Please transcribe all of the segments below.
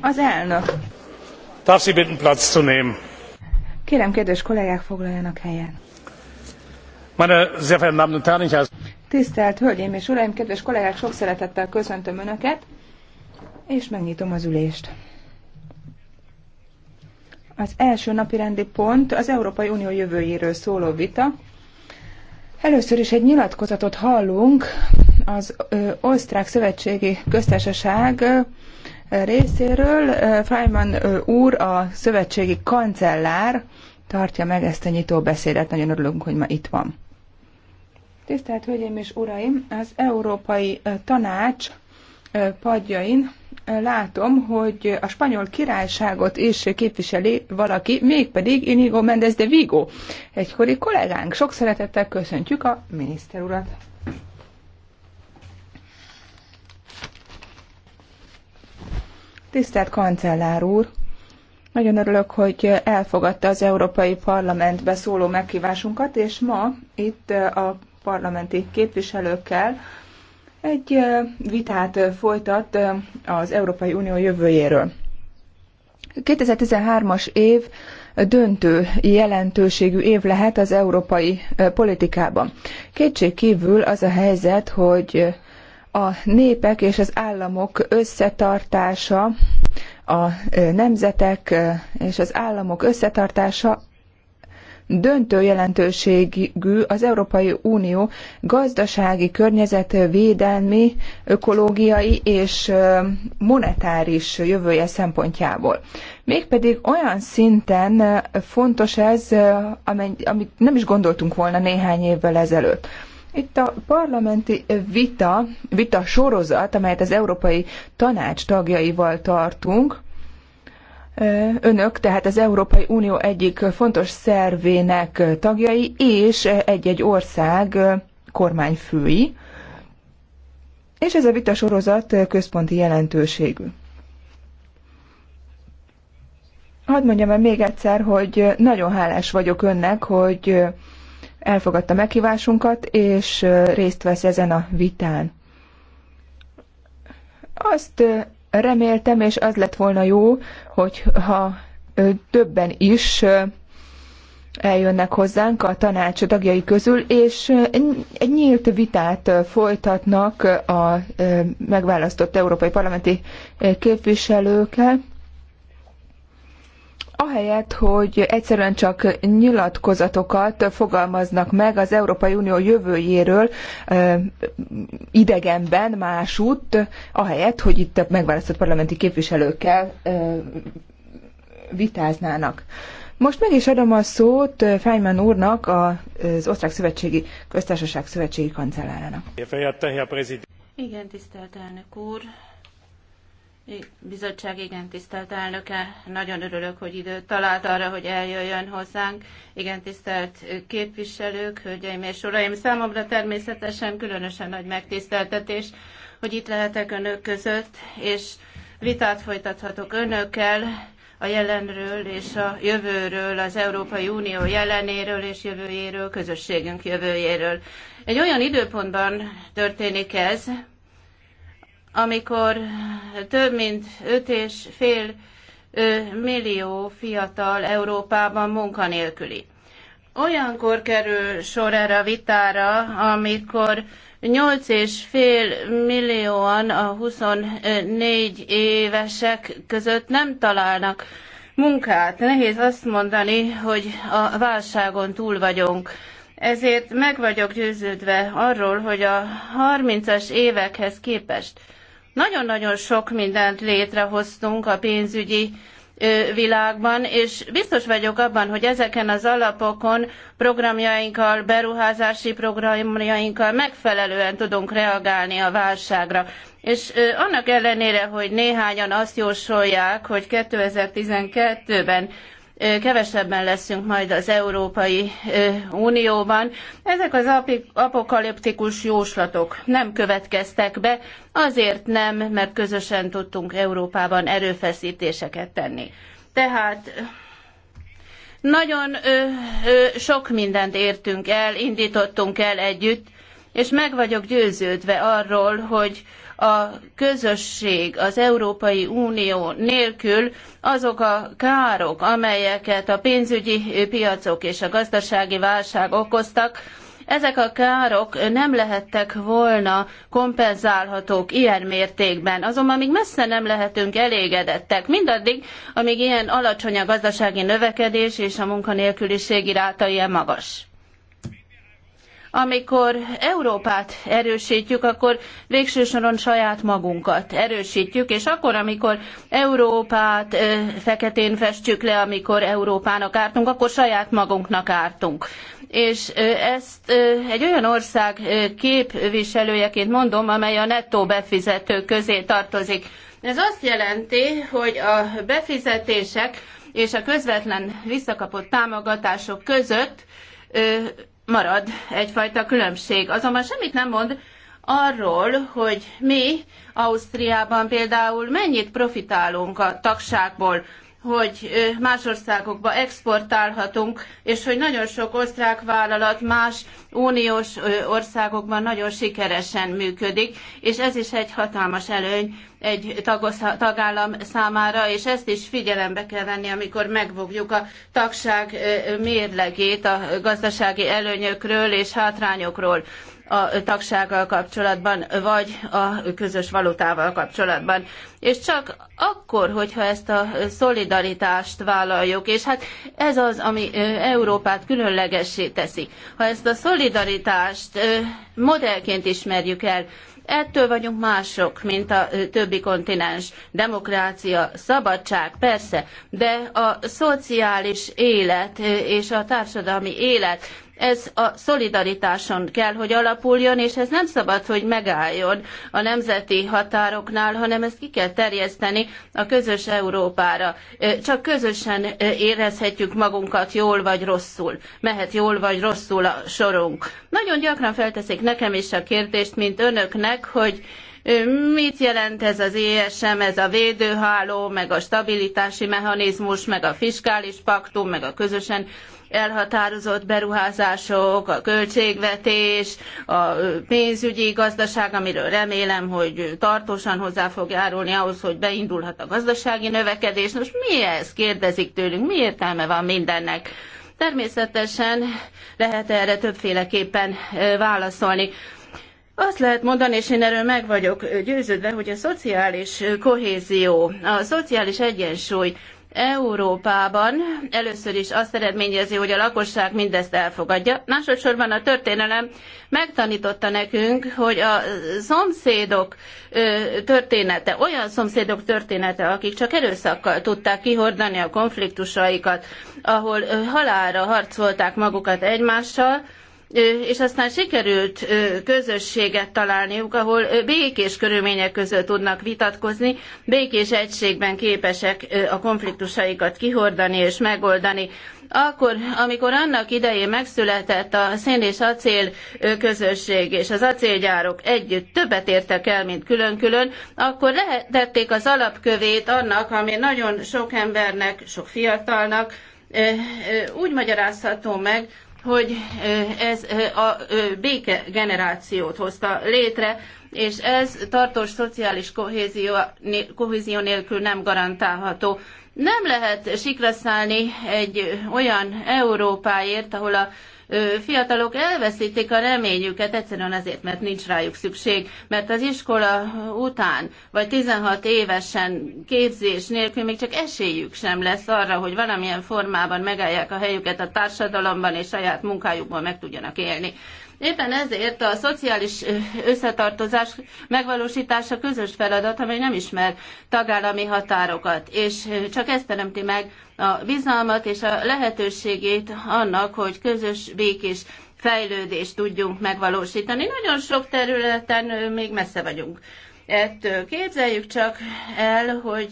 Az elnök. Platz zu nehmen. Kérem, kedves kollégák, foglaljanak helyen. Meine sehr verehrten Damen und Herren, ich Tisztelt Hölgyeim és Uraim, kedves kollégák, sok szeretettel köszöntöm Önöket, és megnyitom az ülést. Az első napi rendi pont az Európai Unió jövőjéről szóló vita. Először is egy nyilatkozatot hallunk az ö, Osztrák Szövetségi Köztársaság részéről. Feynman úr, a szövetségi kancellár tartja meg ezt a nyitó beszédet. Nagyon örülünk, hogy ma itt van. Tisztelt Hölgyeim és Uraim, az Európai Tanács padjain látom, hogy a spanyol királyságot is képviseli valaki, mégpedig Inigo Mendez de Vigo, egykori kollégánk. Sok szeretettel köszöntjük a miniszter urat. Tisztelt kancellár úr! Nagyon örülök, hogy elfogadta az Európai Parlament szóló meghívásunkat, és ma itt a parlamenti képviselőkkel egy vitát folytat az Európai Unió jövőjéről. 2013-as év döntő jelentőségű év lehet az európai politikában. Kétség kívül az a helyzet, hogy a népek és az államok összetartása, a nemzetek és az államok összetartása döntő jelentőségű az Európai Unió gazdasági, környezetvédelmi, ökológiai és monetáris jövője szempontjából. Mégpedig olyan szinten fontos ez, amit nem is gondoltunk volna néhány évvel ezelőtt. Itt a parlamenti vita, vita sorozat, amelyet az Európai Tanács tagjaival tartunk, Önök tehát az Európai Unió egyik fontos szervének tagjai és egy-egy ország kormányfői, és ez a vita sorozat központi jelentőségű. Hadd mondjam el még egyszer, hogy nagyon hálás vagyok önnek, hogy elfogadta meghívásunkat, és részt vesz ezen a vitán. Azt reméltem, és az lett volna jó, hogy ha többen is eljönnek hozzánk a tanács tagjai közül, és egy nyílt vitát folytatnak a megválasztott európai parlamenti képviselőkkel ahelyett, hogy egyszerűen csak nyilatkozatokat fogalmaznak meg az Európai Unió jövőjéről idegenben másút, ahelyett, hogy itt a megválasztott parlamenti képviselőkkel vitáznának. Most meg is adom a szót Feynman úrnak, az Osztrák Szövetségi Köztársaság Szövetségi Kancellárának. Igen, tisztelt elnök úr, Bizottság, igen, tisztelt elnöke, nagyon örülök, hogy időt talált arra, hogy eljöjjön hozzánk. Igen, tisztelt képviselők, hölgyeim és uraim, számomra természetesen különösen nagy megtiszteltetés, hogy itt lehetek önök között, és vitát folytathatok önökkel a jelenről és a jövőről, az Európai Unió jelenéről és jövőjéről, közösségünk jövőjéről. Egy olyan időpontban történik ez, amikor több mint öt és fél millió fiatal Európában munkanélküli. Olyankor kerül sor erre a vitára, amikor 8,5 millióan a 24 évesek között nem találnak munkát. Nehéz azt mondani, hogy a válságon túl vagyunk. Ezért meg vagyok győződve arról, hogy a 30-as évekhez képest nagyon-nagyon sok mindent létrehoztunk a pénzügyi világban, és biztos vagyok abban, hogy ezeken az alapokon programjainkkal, beruházási programjainkkal megfelelően tudunk reagálni a válságra. És annak ellenére, hogy néhányan azt jósolják, hogy 2012-ben kevesebben leszünk majd az Európai Unióban. Ezek az apokaliptikus jóslatok nem következtek be, azért nem, mert közösen tudtunk Európában erőfeszítéseket tenni. Tehát nagyon ö, ö, sok mindent értünk el, indítottunk el együtt, és meg vagyok győződve arról, hogy a közösség, az Európai Unió nélkül azok a károk, amelyeket a pénzügyi piacok és a gazdasági válság okoztak, ezek a károk nem lehettek volna kompenzálhatók ilyen mértékben, azonban még messze nem lehetünk elégedettek, mindaddig, amíg ilyen alacsony a gazdasági növekedés és a munkanélküliségi ráta ilyen magas amikor Európát erősítjük, akkor végső soron saját magunkat erősítjük, és akkor, amikor Európát feketén festjük le, amikor Európának ártunk, akkor saját magunknak ártunk és ezt egy olyan ország képviselőjeként mondom, amely a nettó befizetők közé tartozik. Ez azt jelenti, hogy a befizetések és a közvetlen visszakapott támogatások között marad egyfajta különbség. Azonban semmit nem mond arról, hogy mi Ausztriában például mennyit profitálunk a tagságból, hogy más országokba exportálhatunk, és hogy nagyon sok osztrák vállalat más uniós országokban nagyon sikeresen működik, és ez is egy hatalmas előny egy tagállam számára, és ezt is figyelembe kell venni, amikor megvogjuk a tagság mérlegét a gazdasági előnyökről és hátrányokról a tagsággal kapcsolatban, vagy a közös valutával kapcsolatban. És csak akkor, hogyha ezt a szolidaritást vállaljuk, és hát ez az, ami Európát különlegessé teszi. Ha ezt a szolidaritást modellként ismerjük el, Ettől vagyunk mások, mint a többi kontinens. Demokrácia, szabadság, persze, de a szociális élet és a társadalmi élet ez a szolidaritáson kell, hogy alapuljon, és ez nem szabad, hogy megálljon a nemzeti határoknál, hanem ezt ki kell terjeszteni a közös Európára. Csak közösen érezhetjük magunkat jól vagy rosszul. Mehet jól vagy rosszul a sorunk. Nagyon gyakran felteszik nekem is a kérdést, mint önöknek, hogy mit jelent ez az ESM, ez a védőháló, meg a stabilitási mechanizmus, meg a fiskális paktum, meg a közösen elhatározott beruházások, a költségvetés, a pénzügyi gazdaság, amiről remélem, hogy tartósan hozzá fog járulni ahhoz, hogy beindulhat a gazdasági növekedés. Nos, mi ez? Kérdezik tőlünk, mi értelme van mindennek? Természetesen lehet erre többféleképpen válaszolni. Azt lehet mondani, és én erről meg vagyok győződve, hogy a szociális kohézió, a szociális egyensúly Európában először is azt eredményezi, hogy a lakosság mindezt elfogadja. Másodszorban a történelem megtanította nekünk, hogy a szomszédok története, olyan szomszédok története, akik csak erőszakkal tudták kihordani a konfliktusaikat, ahol halálra harcolták magukat egymással, és aztán sikerült közösséget találniuk, ahol békés körülmények között tudnak vitatkozni, békés egységben képesek a konfliktusaikat kihordani és megoldani. Akkor, amikor annak idején megszületett a szén és acél közösség és az acélgyárok együtt többet értek el, mint külön-külön, akkor lehetették az alapkövét annak, ami nagyon sok embernek, sok fiatalnak úgy magyarázható meg, hogy ez a béke generációt hozta létre, és ez tartós szociális kohézió, kohézió nélkül nem garantálható. Nem lehet sikraszálni egy olyan Európáért, ahol a fiatalok elveszítik a reményüket, egyszerűen azért, mert nincs rájuk szükség, mert az iskola után, vagy 16 évesen képzés nélkül még csak esélyük sem lesz arra, hogy valamilyen formában megállják a helyüket a társadalomban, és saját munkájukból meg tudjanak élni. Éppen ezért a szociális összetartozás megvalósítása közös feladat, amely nem ismer tagállami határokat, és csak ezt teremti meg a bizalmat és a lehetőségét annak, hogy közös békés fejlődést tudjunk megvalósítani. Nagyon sok területen még messze vagyunk. Ettől képzeljük csak el, hogy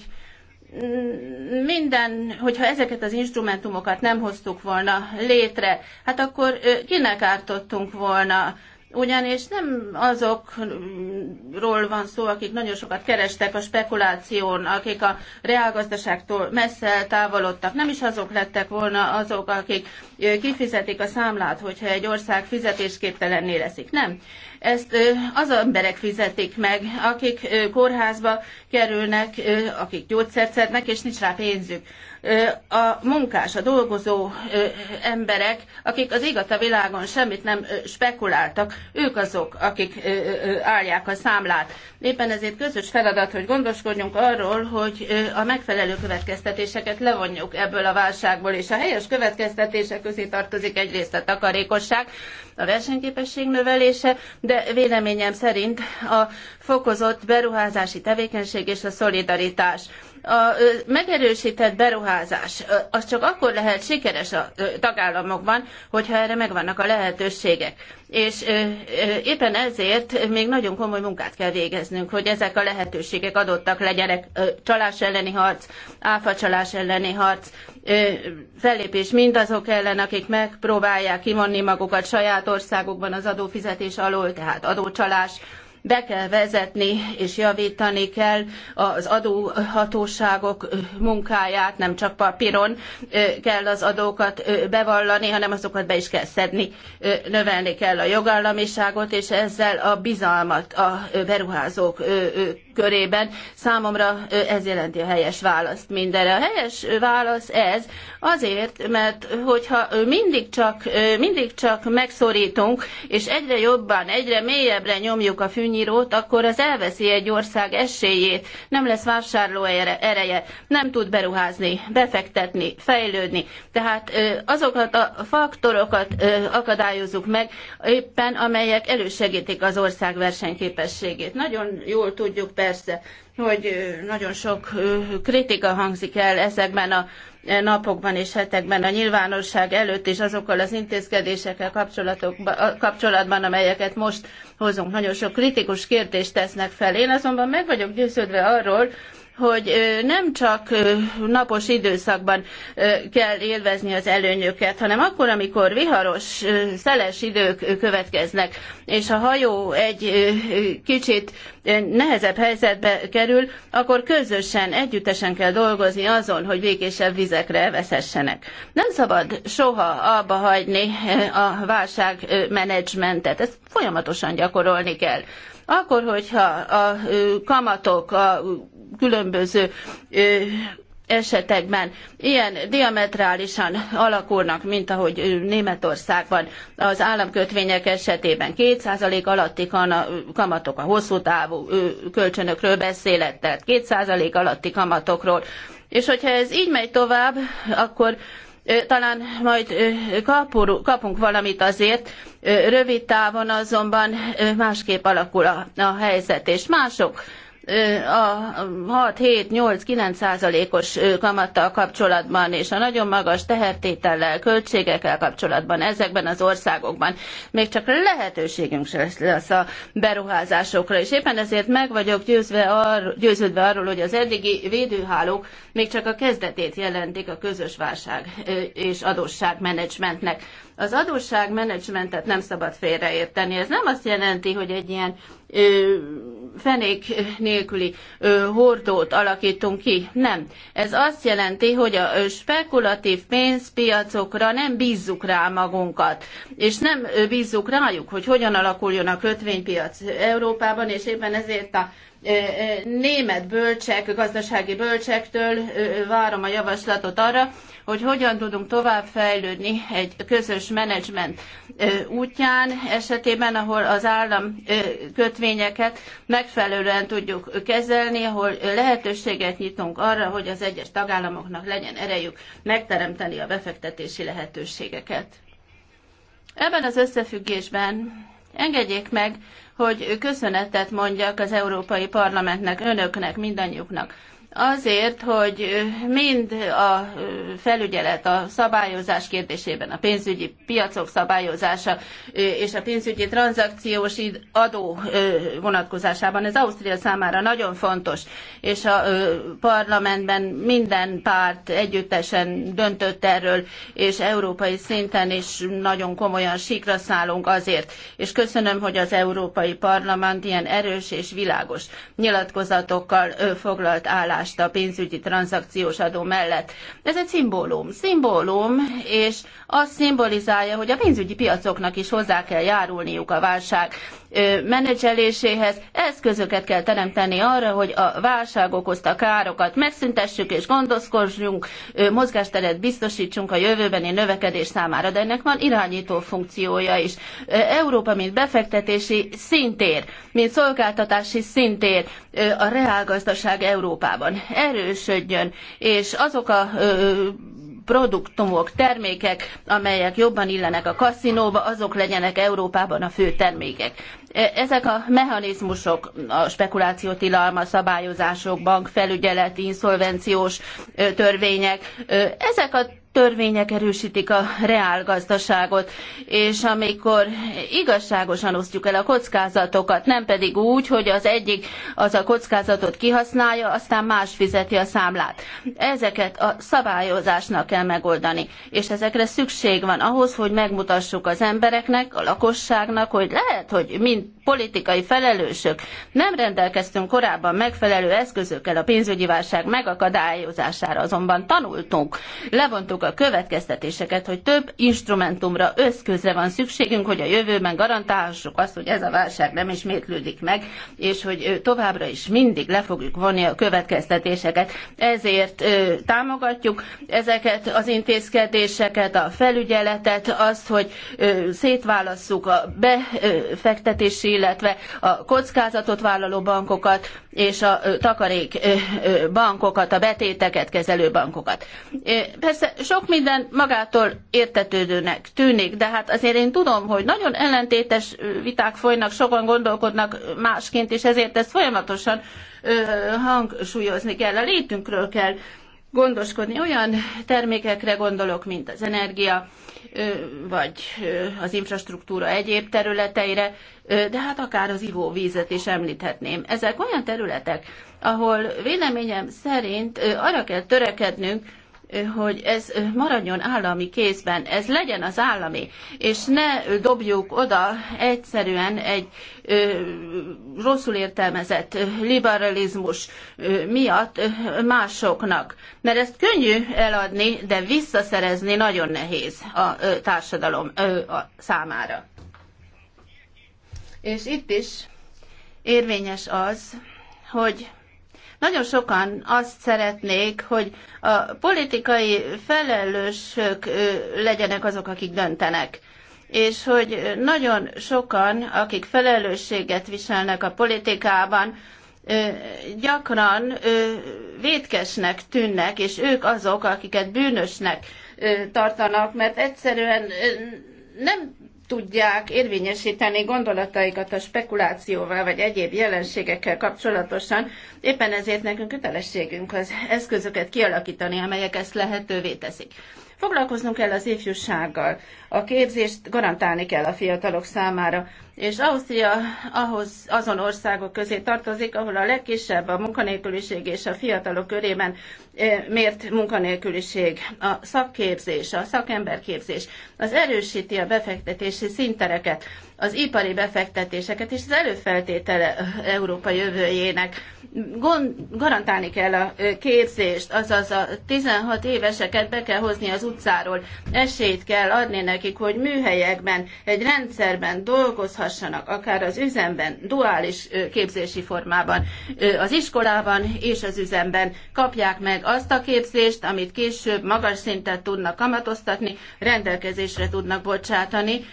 minden, hogyha ezeket az instrumentumokat nem hoztuk volna létre, hát akkor kinek ártottunk volna ugyanis nem azokról van szó, akik nagyon sokat kerestek a spekuláción, akik a reálgazdaságtól messze távolodtak. Nem is azok lettek volna azok, akik kifizetik a számlát, hogyha egy ország fizetésképtelenné leszik. Nem. Ezt az emberek fizetik meg, akik kórházba kerülnek, akik gyógyszert szednek, és nincs rá pénzük a munkás, a dolgozó emberek, akik az igaz a világon semmit nem spekuláltak, ők azok, akik állják a számlát. Éppen ezért közös feladat, hogy gondoskodjunk arról, hogy a megfelelő következtetéseket levonjuk ebből a válságból, és a helyes következtetések közé tartozik egyrészt a takarékosság, a versenyképesség növelése, de véleményem szerint a fokozott beruházási tevékenység és a szolidaritás a megerősített beruházás az csak akkor lehet sikeres a tagállamokban, hogyha erre megvannak a lehetőségek. És éppen ezért még nagyon komoly munkát kell végeznünk, hogy ezek a lehetőségek adottak legyenek. Csalás elleni harc, áfacsalás elleni harc, fellépés mindazok ellen, akik megpróbálják kivonni magukat saját országukban az adófizetés alól, tehát adócsalás, be kell vezetni és javítani kell az adóhatóságok munkáját, nem csak papíron kell az adókat bevallani, hanem azokat be is kell szedni, növelni kell a jogállamiságot, és ezzel a bizalmat a beruházók körében. Számomra ez jelenti a helyes választ mindenre. A helyes válasz ez azért, mert hogyha mindig csak, mindig csak megszorítunk, és egyre jobban, egyre mélyebbre nyomjuk a fűnyírót, akkor az elveszi egy ország esélyét, nem lesz vásárló ereje, nem tud beruházni, befektetni, fejlődni. Tehát azokat a faktorokat akadályozzuk meg, éppen amelyek elősegítik az ország versenyképességét. Nagyon jól tudjuk persze, persze, hogy nagyon sok kritika hangzik el ezekben a e, napokban és hetekben a nyilvánosság előtt és azokkal az intézkedésekkel kapcsolatban, amelyeket most hozunk. Nagyon sok kritikus kérdést tesznek fel. Én azonban meg vagyok győződve arról, hogy nem csak napos időszakban kell élvezni az előnyöket, hanem akkor, amikor viharos, szeles idők következnek, és a hajó egy kicsit nehezebb helyzetbe kerül, akkor közösen, együttesen kell dolgozni azon, hogy békésebb vizekre elveszhessenek. Nem szabad soha abba hagyni a válságmenedzsmentet, ezt folyamatosan gyakorolni kell. Akkor, hogyha a kamatok, a különböző esetekben ilyen diametrálisan alakulnak, mint ahogy Németországban az államkötvények esetében 2% alatti kamatok, a hosszú távú kölcsönökről beszélett, tehát 2% alatti kamatokról. És hogyha ez így megy tovább, akkor talán majd kapunk valamit azért, rövid távon azonban másképp alakul a, a helyzet, és mások a 6-7-8-9 százalékos kamattal kapcsolatban és a nagyon magas tehertétellel, költségekkel kapcsolatban ezekben az országokban még csak lehetőségünk sem lesz a beruházásokra, és éppen ezért meg vagyok győzve ar- győződve arról, hogy az eddigi védőhálók még csak a kezdetét jelentik a közös válság és adósságmenedzsmentnek. Az adósságmenedzsmentet nem szabad félreérteni. Ez nem azt jelenti, hogy egy ilyen ö, fenék nélküli hordót alakítunk ki. Nem. Ez azt jelenti, hogy a spekulatív pénzpiacokra nem bízzuk rá magunkat, és nem bízzuk rájuk, hogy hogyan alakuljon a kötvénypiac Európában, és éppen ezért a német bölcsek, gazdasági bölcsektől várom a javaslatot arra, hogy hogyan tudunk továbbfejlődni egy közös menedzsment útján esetében, ahol az állam kötvényeket megfelelően tudjuk kezelni, ahol lehetőséget nyitunk arra, hogy az egyes tagállamoknak legyen erejük megteremteni a befektetési lehetőségeket. Ebben az összefüggésben Engedjék meg, hogy köszönetet mondjak az Európai Parlamentnek, önöknek, mindannyiuknak Azért, hogy mind a felügyelet, a szabályozás kérdésében, a pénzügyi piacok szabályozása és a pénzügyi tranzakciós adó vonatkozásában, ez Ausztria számára nagyon fontos, és a parlamentben minden párt együttesen döntött erről, és európai szinten is nagyon komolyan sikra szállunk azért. És köszönöm, hogy az Európai Parlament ilyen erős és világos nyilatkozatokkal foglalt állást csalást a pénzügyi tranzakciós adó mellett. Ez egy szimbólum. Szimbólum, és azt szimbolizálja, hogy a pénzügyi piacoknak is hozzá kell járulniuk a válság menedzseléséhez eszközöket kell teremteni arra, hogy a válság okozta károkat megszüntessük és gondoskodjunk, mozgásteret biztosítsunk a jövőbeni növekedés számára, de ennek van irányító funkciója is. Európa, mint befektetési szintér, mint szolgáltatási szintér a reálgazdaság Európában erősödjön, és azok a produktumok, termékek, amelyek jobban illenek a kaszinóba, azok legyenek Európában a fő termékek. E, ezek a mechanizmusok, a spekuláció tilalma, szabályozások, bankfelügyelet, inszolvenciós törvények, ezek a törvények erősítik a reálgazdaságot, és amikor igazságosan osztjuk el a kockázatokat, nem pedig úgy, hogy az egyik az a kockázatot kihasználja, aztán más fizeti a számlát. Ezeket a szabályozásnak kell megoldani, és ezekre szükség van ahhoz, hogy megmutassuk az embereknek, a lakosságnak, hogy lehet, hogy mind politikai felelősök nem rendelkeztünk korábban megfelelő eszközökkel a pénzügyi válság megakadályozására, azonban tanultunk, levontuk levontuk a következtetéseket, hogy több instrumentumra, összközre van szükségünk, hogy a jövőben garantálhassuk azt, hogy ez a válság nem ismétlődik meg, és hogy továbbra is mindig le fogjuk vonni a következtetéseket. Ezért támogatjuk ezeket az intézkedéseket, a felügyeletet, azt, hogy szétválasszuk a befektetési, illetve a kockázatot vállaló bankokat és a takarék bankokat, a betéteket kezelő bankokat. Persze sok minden magától értetődőnek tűnik, de hát azért én tudom, hogy nagyon ellentétes viták folynak, sokan gondolkodnak másként, és ezért ezt folyamatosan ö, hangsúlyozni kell. A létünkről kell gondoskodni. Olyan termékekre gondolok, mint az energia, vagy az infrastruktúra egyéb területeire, de hát akár az ivóvízet is említhetném. Ezek olyan területek, ahol véleményem szerint arra kell törekednünk, hogy ez maradjon állami kézben, ez legyen az állami, és ne dobjuk oda egyszerűen egy ö, rosszul értelmezett liberalizmus miatt másoknak. Mert ezt könnyű eladni, de visszaszerezni nagyon nehéz a társadalom számára. És itt is érvényes az, hogy nagyon sokan azt szeretnék, hogy a politikai felelősök legyenek azok, akik döntenek és hogy nagyon sokan, akik felelősséget viselnek a politikában, gyakran vétkesnek tűnnek, és ők azok, akiket bűnösnek tartanak, mert egyszerűen nem tudják érvényesíteni gondolataikat a spekulációval vagy egyéb jelenségekkel kapcsolatosan. Éppen ezért nekünk kötelességünk az eszközöket kialakítani, amelyek ezt lehetővé teszik. Foglalkoznunk kell az ifjúsággal, a képzést garantálni kell a fiatalok számára, és Ausztria ahhoz azon országok közé tartozik, ahol a legkisebb a munkanélküliség és a fiatalok körében eh, mért munkanélküliség. A szakképzés, a szakemberképzés az erősíti a befektetési szintereket, az ipari befektetéseket, és az előfeltétele Európa jövőjének gond, garantálni kell a képzést, azaz a 16 éveseket be kell hozni az utcáról, esélyt kell adni nekik, hogy műhelyekben, egy rendszerben dolgozhassanak, akár az üzemben, duális képzési formában, az iskolában és az üzemben kapják meg azt a képzést, amit később magas szintet tudnak kamatoztatni, rendelkezésre tudnak bocsátani,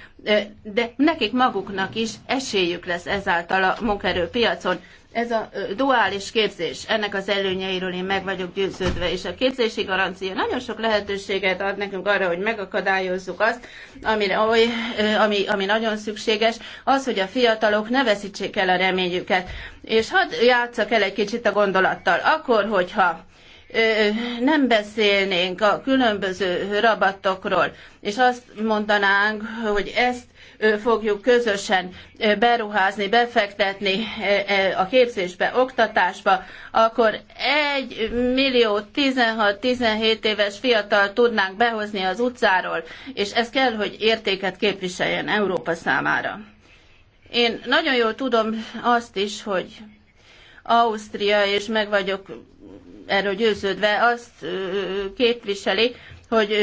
de nekik maguknak is esélyük lesz ezáltal a munkerőpiacon ez a duális képzés, ennek az előnyeiről én meg vagyok győződve, és a képzési garancia nagyon sok lehetőséget ad nekünk arra, hogy megakadályozzuk azt, amire, oly, ami, ami nagyon szükséges, az, hogy a fiatalok ne veszítsék el a reményüket. És hadd játszak el egy kicsit a gondolattal. Akkor, hogyha nem beszélnénk a különböző rabattokról, és azt mondanánk, hogy ezt fogjuk közösen beruházni, befektetni a képzésbe, oktatásba, akkor 1 millió 16-17 éves fiatal tudnánk behozni az utcáról, és ez kell, hogy értéket képviseljen Európa számára. Én nagyon jól tudom azt is, hogy Ausztria, és meg vagyok erről győződve, azt képviseli, hogy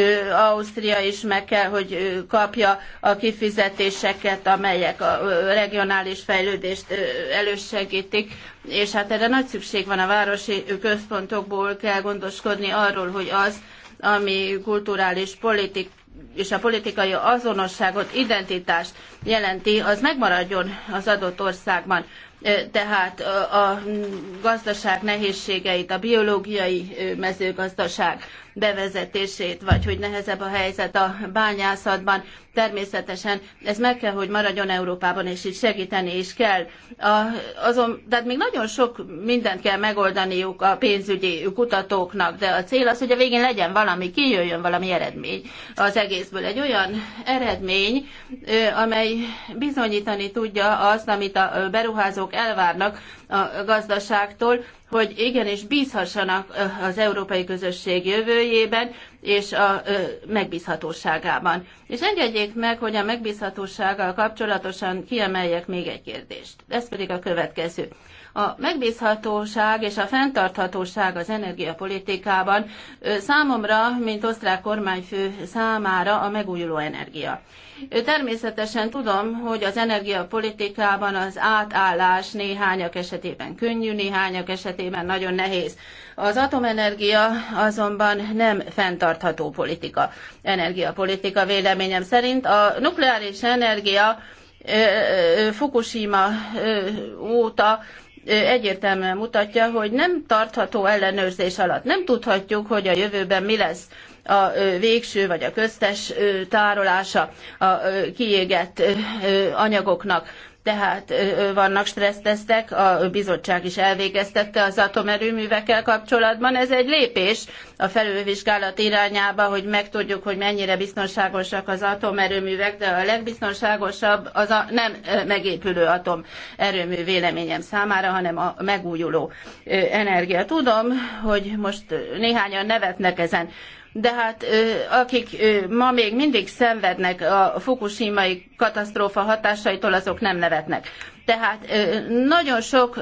Ausztria is meg kell, hogy kapja a kifizetéseket, amelyek a regionális fejlődést elősegítik, és hát erre nagy szükség van a városi központokból kell gondoskodni arról, hogy az, ami kulturális politik és a politikai azonosságot, identitást jelenti, az megmaradjon az adott országban. Tehát a gazdaság nehézségeit, a biológiai mezőgazdaság, bevezetését, vagy hogy nehezebb a helyzet a bányászatban. Természetesen ez meg kell, hogy maradjon Európában, és itt segíteni is kell. A, azon, tehát még nagyon sok mindent kell megoldaniuk a pénzügyi kutatóknak, de a cél az, hogy a végén legyen valami, kijöjjön valami eredmény az egészből. Egy olyan eredmény, amely bizonyítani tudja azt, amit a beruházók elvárnak a gazdaságtól, hogy igenis bízhassanak az európai közösség jövőjében és a megbízhatóságában. És engedjék meg, hogy a megbízhatósággal kapcsolatosan kiemeljek még egy kérdést. Ez pedig a következő. A megbízhatóság és a fenntarthatóság az energiapolitikában számomra, mint osztrák kormányfő számára a megújuló energia. Természetesen tudom, hogy az energiapolitikában az átállás néhányak esetében könnyű, néhányak esetében nagyon nehéz. Az atomenergia azonban nem fenntartható politika, energiapolitika véleményem szerint. A nukleáris energia Fukushima óta egyértelműen mutatja, hogy nem tartható ellenőrzés alatt. Nem tudhatjuk, hogy a jövőben mi lesz a végső vagy a köztes tárolása a kiégett anyagoknak tehát vannak stressztesztek, a bizottság is elvégeztette az atomerőművekkel kapcsolatban. Ez egy lépés a felülvizsgálat irányába, hogy megtudjuk, hogy mennyire biztonságosak az atomerőművek, de a legbiztonságosabb az a nem megépülő atomerőmű véleményem számára, hanem a megújuló energia. Tudom, hogy most néhányan nevetnek ezen de hát akik ma még mindig szenvednek a fukushimai katasztrófa hatásaitól, azok nem nevetnek. Tehát nagyon sok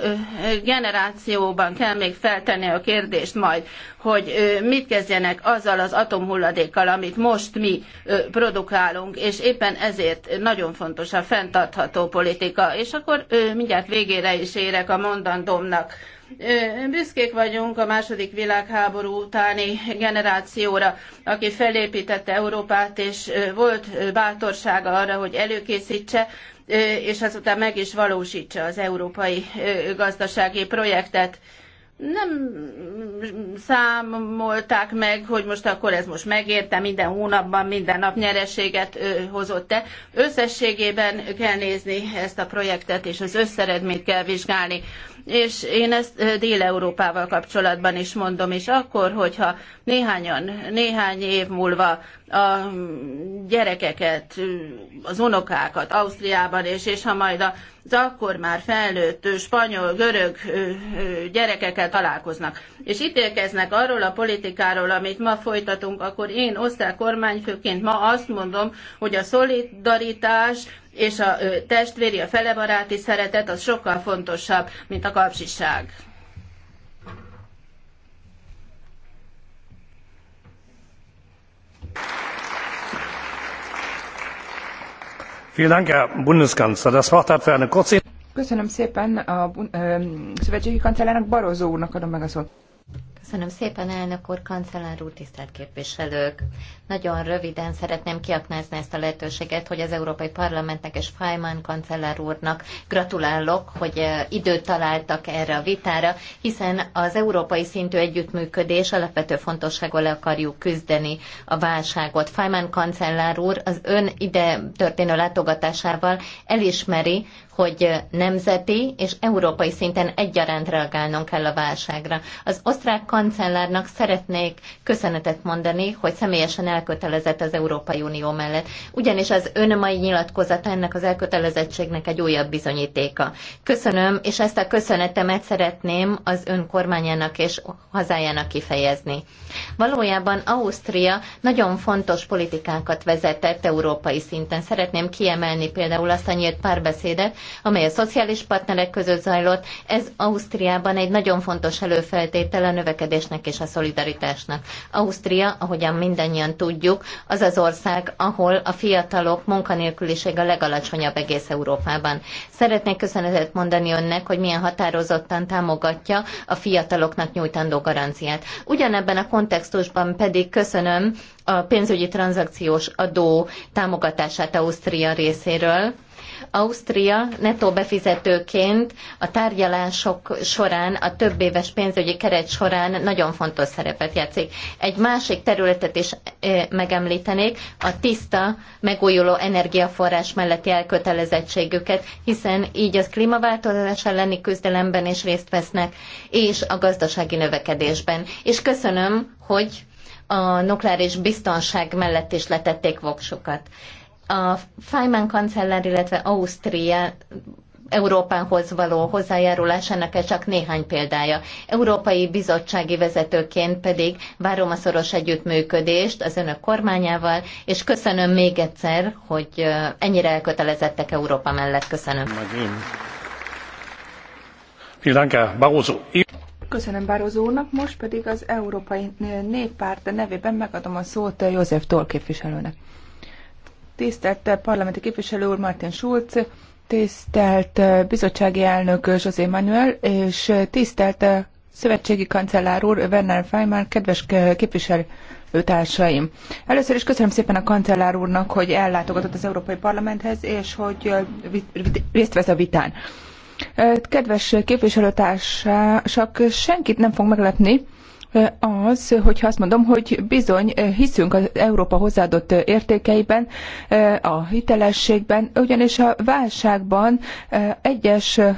generációban kell még feltenni a kérdést majd, hogy mit kezdjenek azzal az atomhulladékkal, amit most mi produkálunk, és éppen ezért nagyon fontos a fenntartható politika. És akkor mindjárt végére is érek a mondandómnak Büszkék vagyunk a második világháború utáni generációra, aki felépítette Európát, és volt bátorsága arra, hogy előkészítse, és azután meg is valósítsa az európai gazdasági projektet nem számolták meg, hogy most akkor ez most megérte, minden hónapban, minden nap nyereséget hozott-e. Összességében kell nézni ezt a projektet, és az összeredményt kell vizsgálni és én ezt Dél-Európával kapcsolatban is mondom, és akkor, hogyha néhányan, néhány év múlva a gyerekeket, az unokákat Ausztriában, és, és ha majd az akkor már felnőtt spanyol, görög gyerekekkel találkoznak, és ítélkeznek arról a politikáról, amit ma folytatunk, akkor én osztrák kormányfőként ma azt mondom, hogy a szolidaritás és a testvéri, a felebaráti szeretet az sokkal fontosabb, mint a kapcsiság. Köszönöm szépen a szövetségi kancellárnak, Barroso úrnak adom meg a szót. Köszönöm szépen, elnök úr, kancellár úr, tisztelt képviselők! Nagyon röviden szeretném kiaknázni ezt a lehetőséget, hogy az Európai Parlamentnek és Fajman kancellár úrnak gratulálok, hogy eh, időt találtak erre a vitára, hiszen az európai szintű együttműködés alapvető fontossággal le akarjuk küzdeni a válságot. Fajman kancellár úr az ön ide történő látogatásával elismeri, hogy nemzeti és európai szinten egyaránt reagálnunk kell a válságra. Az osztrák kancellárnak szeretnék köszönetet mondani, hogy személyesen elkötelezett az Európai Unió mellett, ugyanis az ön mai nyilatkozata ennek az elkötelezettségnek egy újabb bizonyítéka. Köszönöm, és ezt a köszönetemet szeretném az ön kormányának és hazájának kifejezni. Valójában Ausztria nagyon fontos politikákat vezetett európai szinten. Szeretném kiemelni például azt a nyílt párbeszédet, amely a szociális partnerek között zajlott. Ez Ausztriában egy nagyon fontos előfeltétele a növekedésnek és a szolidaritásnak. Ausztria, ahogyan mindannyian tudjuk, az az ország, ahol a fiatalok munkanélküliség a legalacsonyabb egész Európában. Szeretnék köszönetet mondani önnek, hogy milyen határozottan támogatja a fiataloknak nyújtandó garanciát. Ugyanebben a kontextusban pedig köszönöm a pénzügyi tranzakciós adó támogatását Ausztria részéről Ausztria netó befizetőként a tárgyalások során, a több éves pénzügyi keret során nagyon fontos szerepet játszik. Egy másik területet is megemlítenék, a tiszta, megújuló energiaforrás melletti elkötelezettségüket, hiszen így az klímaváltozás elleni küzdelemben is részt vesznek, és a gazdasági növekedésben. És köszönöm, hogy a nukleáris biztonság mellett is letették voksukat a Feynman kancellár, illetve Ausztria Európához való hozzájárulásának ez csak néhány példája. Európai bizottsági vezetőként pedig várom a szoros együttműködést az önök kormányával, és köszönöm még egyszer, hogy ennyire elkötelezettek Európa mellett. Köszönöm. Köszönöm Barroso úrnak, most pedig az Európai Néppárt nevében megadom a szót József Tól képviselőnek. Tisztelt parlamenti képviselő úr Martin Schulz, tisztelt eh, bizottsági elnök eh, José Manuel, és eh, tisztelt szövetségi kancellár úr Werner Feimann, kedves képviselő társaim. Először is köszönöm szépen a kancellár úrnak, hogy ellátogatott az Európai Parlamenthez, és hogy részt vesz a vitán. Kedves képviselőtársak, senkit nem fog meglepni, az, hogyha azt mondom, hogy bizony hiszünk az Európa hozzáadott értékeiben, eh, a hitelességben, ugyanis a válságban eh, egyes eh,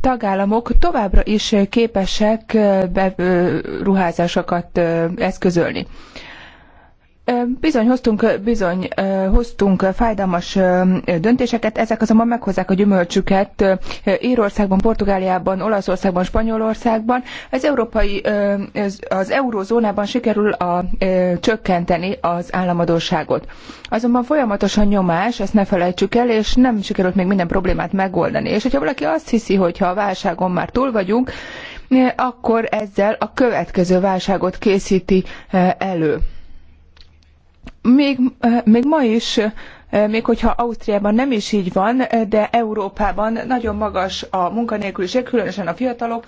tagállamok továbbra is képesek beruházásokat eszközölni. Bizony hoztunk, bizony hoztunk fájdalmas döntéseket, ezek azonban meghozzák a gyümölcsüket Írországban, Portugáliában, Olaszországban, Spanyolországban. Az európai, az eurózónában sikerül a, csökkenteni az államadóságot. Azonban folyamatos a nyomás, ezt ne felejtsük el, és nem sikerült még minden problémát megoldani. És hogyha valaki azt hiszi, hogy ha a válságon már túl vagyunk, akkor ezzel a következő válságot készíti elő még, még ma is, még hogyha Ausztriában nem is így van, de Európában nagyon magas a munkanélküliség, különösen a fiatalok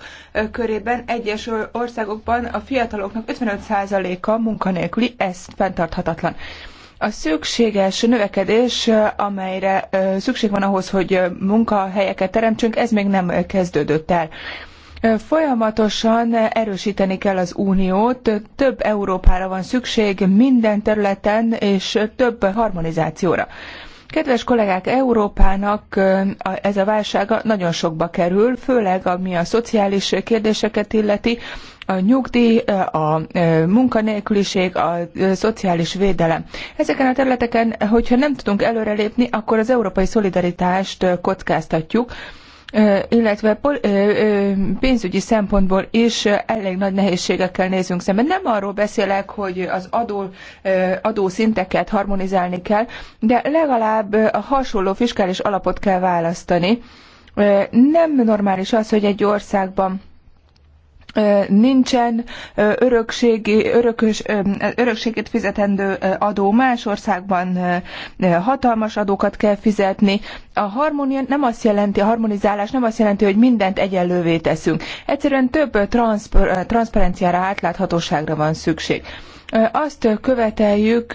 körében. Egyes országokban a fiataloknak 55%-a munkanélküli, ez fenntarthatatlan. A szükséges növekedés, amelyre szükség van ahhoz, hogy munkahelyeket teremtsünk, ez még nem kezdődött el. Folyamatosan erősíteni kell az uniót, több Európára van szükség minden területen, és több harmonizációra. Kedves kollégák, Európának ez a válsága nagyon sokba kerül, főleg ami a szociális kérdéseket illeti, a nyugdíj, a munkanélküliség, a szociális védelem. Ezeken a területeken, hogyha nem tudunk előrelépni, akkor az európai szolidaritást kockáztatjuk, illetve pénzügyi szempontból is elég nagy nehézségekkel nézünk szemben. Nem arról beszélek, hogy az adó, adószinteket harmonizálni kell, de legalább a hasonló fiskális alapot kell választani. Nem normális az, hogy egy országban nincsen örökségi, örökös, örökségét fizetendő adó más országban, hatalmas adókat kell fizetni. A harmónia nem azt jelenti, a harmonizálás nem azt jelenti, hogy mindent egyenlővé teszünk. Egyszerűen több transzpar, transzparenciára, átláthatóságra van szükség. Azt követeljük,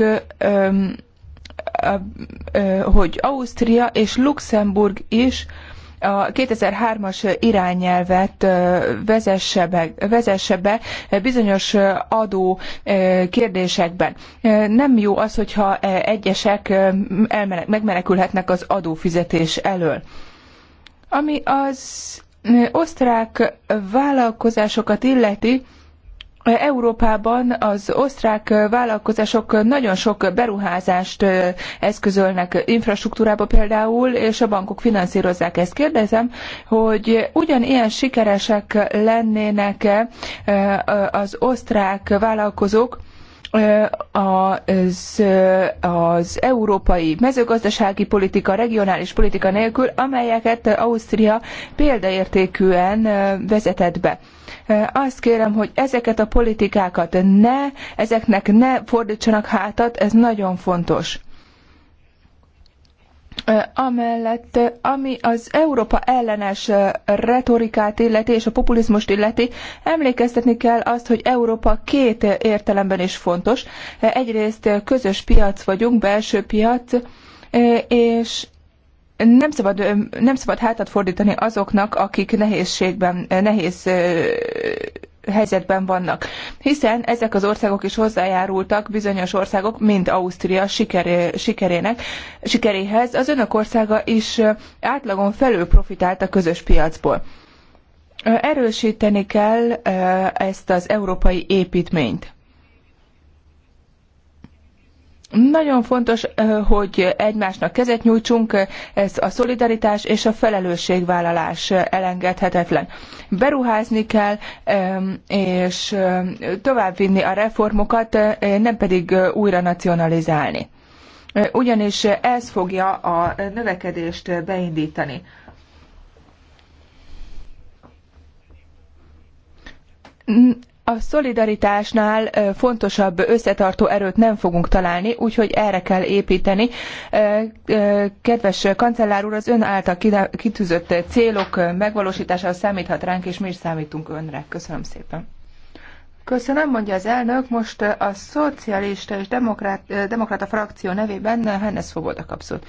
hogy Ausztria és Luxemburg is a 2003-as irányelvet vezesse be, vezesse be bizonyos adó kérdésekben. Nem jó az, hogyha egyesek megmenekülhetnek az adófizetés elől. Ami az osztrák vállalkozásokat illeti, Európában az osztrák vállalkozások nagyon sok beruházást eszközölnek infrastruktúrába például, és a bankok finanszírozzák ezt. Kérdezem, hogy ugyanilyen sikeresek lennének-e az osztrák vállalkozók, az, az európai mezőgazdasági politika, regionális politika nélkül, amelyeket Ausztria példaértékűen vezetett be. Azt kérem, hogy ezeket a politikákat ne, ezeknek ne fordítsanak hátat, ez nagyon fontos amellett, ami az Európa ellenes retorikát illeti és a populizmust illeti, emlékeztetni kell azt, hogy Európa két értelemben is fontos. Egyrészt közös piac vagyunk, belső piac, és nem szabad, nem szabad hátat fordítani azoknak, akik nehézségben, nehéz helyzetben vannak. Hiszen ezek az országok is hozzájárultak, bizonyos országok, mint Ausztria sikerének, sikeréhez. Az önök országa is átlagon felül profitált a közös piacból. Erősíteni kell ezt az európai építményt. Nagyon fontos, hogy egymásnak kezet nyújtsunk, ez a szolidaritás és a felelősségvállalás elengedhetetlen. Beruházni kell, és továbbvinni a reformokat, nem pedig újra nacionalizálni. Ugyanis ez fogja a növekedést beindítani a szolidaritásnál fontosabb összetartó erőt nem fogunk találni, úgyhogy erre kell építeni. Kedves kancellár úr, az ön által kitűzött célok megvalósítására számíthat ránk, és mi is számítunk önre. Köszönöm szépen. Köszönöm, mondja az elnök. Most a szocialista és demokrat, demokrata frakció nevében Hennes Fogoda kapszott.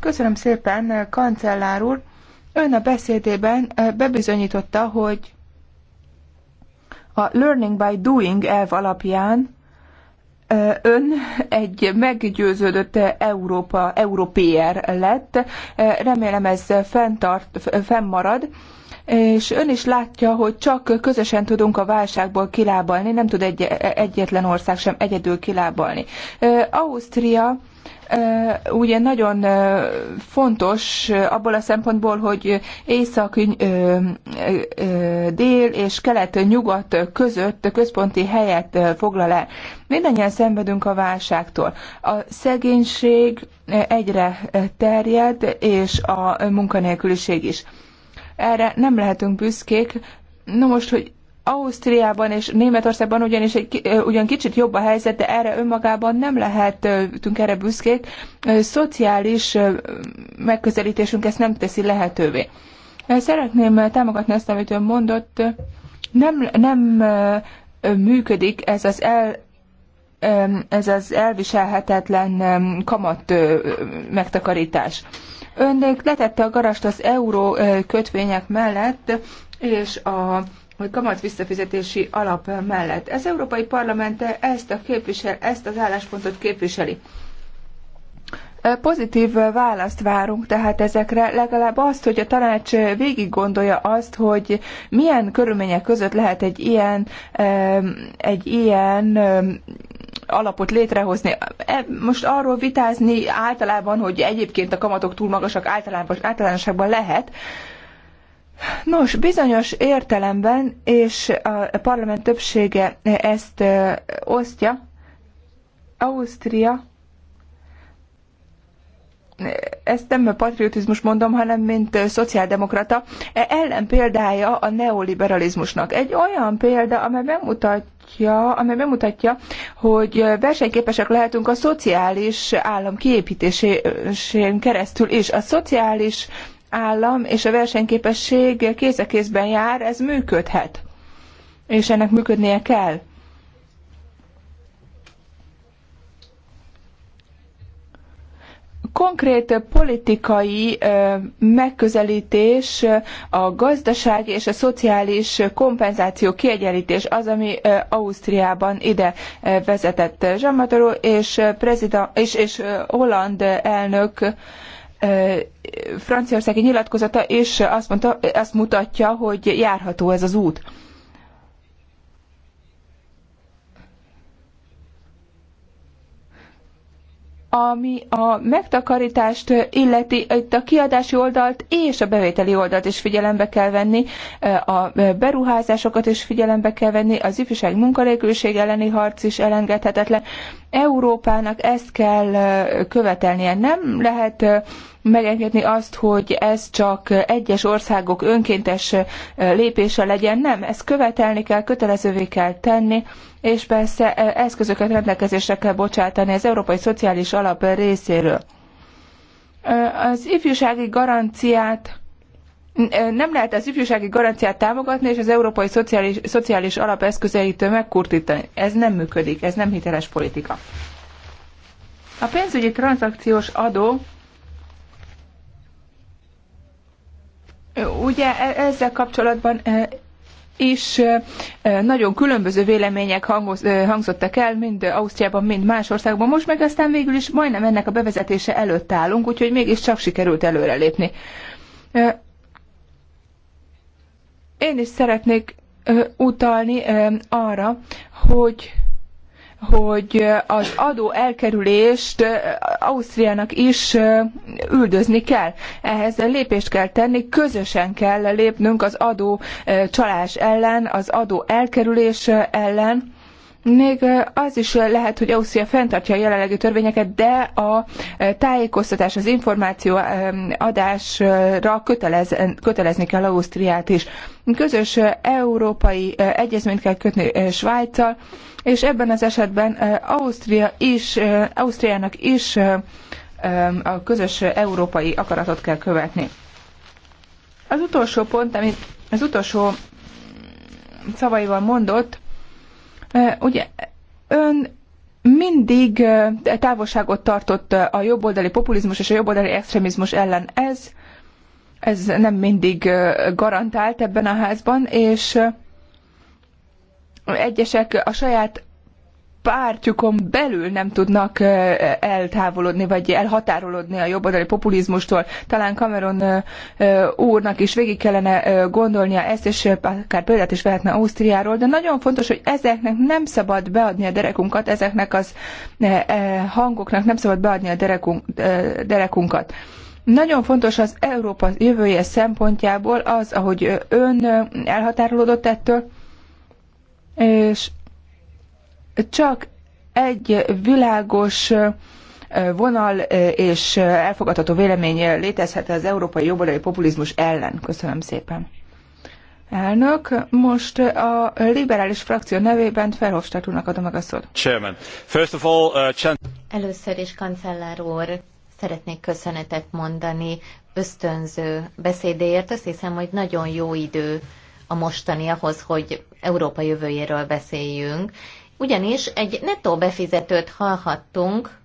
Köszönöm szépen, kancellár úr. Ön a beszédében bebizonyította, hogy a learning by doing elv alapján ön egy meggyőződött Európa, európér lett. Remélem ez fenntart, fennmarad és ön is látja, hogy csak közösen tudunk a válságból kilábalni, nem tud egy, egyetlen ország sem egyedül kilábalni. Ausztria ugye nagyon fontos abból a szempontból, hogy észak, dél és kelet-nyugat között központi helyet foglal el. Mindennyian szenvedünk a válságtól. A szegénység egyre terjed, és a munkanélküliség is. Erre nem lehetünk büszkék. Na most, hogy Ausztriában és Németországban ugyanis egy, ugyan kicsit jobb a helyzet, de erre önmagában nem lehetünk erre büszkék. Szociális megközelítésünk ezt nem teszi lehetővé. Szeretném támogatni azt, amit ön mondott. Nem, nem működik ez az el, ez az elviselhetetlen kamat megtakarítás. Ön letette a garast az euró kötvények mellett, és a hogy kamat visszafizetési alap mellett. Ez Európai Parlament ezt, a képvisel, ezt az álláspontot képviseli. Pozitív választ várunk tehát ezekre, legalább azt, hogy a tanács végig gondolja azt, hogy milyen körülmények között lehet egy ilyen, egy ilyen alapot létrehozni. E, most arról vitázni általában, hogy egyébként a kamatok túl magasak általában, általánosságban lehet, Nos, bizonyos értelemben, és a parlament többsége ezt osztja, Ausztria, ezt nem patriotizmus mondom, hanem mint szociáldemokrata, e ellen példája a neoliberalizmusnak. Egy olyan példa, amely bemutatja, amely bemutatja, hogy versenyképesek lehetünk a szociális állam kiépítésén keresztül is. A szociális állam és a versenyképesség kéz a kézben jár, ez működhet. És ennek működnie kell. konkrét politikai megközelítés, a gazdasági és a szociális kompenzáció kiegyenlítés az, ami Ausztriában ide vezetett Zsammatoró és, és, és Holland elnök franciaországi nyilatkozata és azt, mondta, azt mutatja, hogy járható ez az út. ami a megtakarítást illeti, itt a kiadási oldalt és a bevételi oldalt is figyelembe kell venni, a beruházásokat is figyelembe kell venni, az ifjúság munkanélküliség elleni harc is elengedhetetlen. Európának ezt kell követelnie. Nem lehet megengedni azt, hogy ez csak egyes országok önkéntes lépése legyen. Nem, ezt követelni kell, kötelezővé kell tenni, és persze eszközöket rendelkezésre kell bocsátani az Európai Szociális Alap részéről. Az ifjúsági garanciát nem lehet az ifjúsági garanciát támogatni, és az Európai Szociális, Szociális Alap eszközeit megkurtítani. Ez nem működik, ez nem hiteles politika. A pénzügyi tranzakciós adó Ugye e, ezzel kapcsolatban és e, e, nagyon különböző vélemények hangoz, hangzottak el, mind Ausztriában, mind más országban. Most meg aztán végül is majdnem ennek a bevezetése előtt állunk, úgyhogy mégiscsak sikerült előrelépni. Én is szeretnék utalni arra, hogy hogy az adó elkerülést eh, Ausztriának is eh, üldözni kell. Ehhez lépést kell tenni, közösen kell lépnünk az adó eh, csalás ellen, az adó elkerülés ellen még az is lehet, hogy Ausztria fenntartja a jelenlegi törvényeket, de a tájékoztatás, az információ adásra kötelez, kötelezni kell Ausztriát is. Közös európai egyezményt kell kötni Svájccal, és ebben az esetben Ausztria is, Ausztriának is a közös európai akaratot kell követni. Az utolsó pont, amit az utolsó szavaival mondott, Ugye ön mindig távolságot tartott a jobboldali populizmus és a jobboldali extrémizmus ellen. Ez, ez nem mindig garantált ebben a házban, és egyesek a saját pártjukon belül nem tudnak eltávolodni, vagy elhatárolódni a jobboldali populizmustól. Talán Cameron úrnak is végig kellene gondolnia ezt, és akár példát is vehetne Ausztriáról, de nagyon fontos, hogy ezeknek nem szabad beadni a derekunkat, ezeknek az hangoknak nem szabad beadni a derekunk, derekunkat. Nagyon fontos az Európa jövője szempontjából az, ahogy ön elhatárolódott ettől, és csak egy világos vonal és elfogadható vélemény létezhet az európai jobboldali populizmus ellen. Köszönöm szépen. Elnök, most a liberális frakció nevében Verhofstadt adom meg a szót. Chairman. First of all, uh, Először is kancellár úr, szeretnék köszönetet mondani ösztönző beszédéért. Azt hiszem, hogy nagyon jó idő a mostani ahhoz, hogy Európa jövőjéről beszéljünk, ugyanis egy netó befizetőt hallhattunk,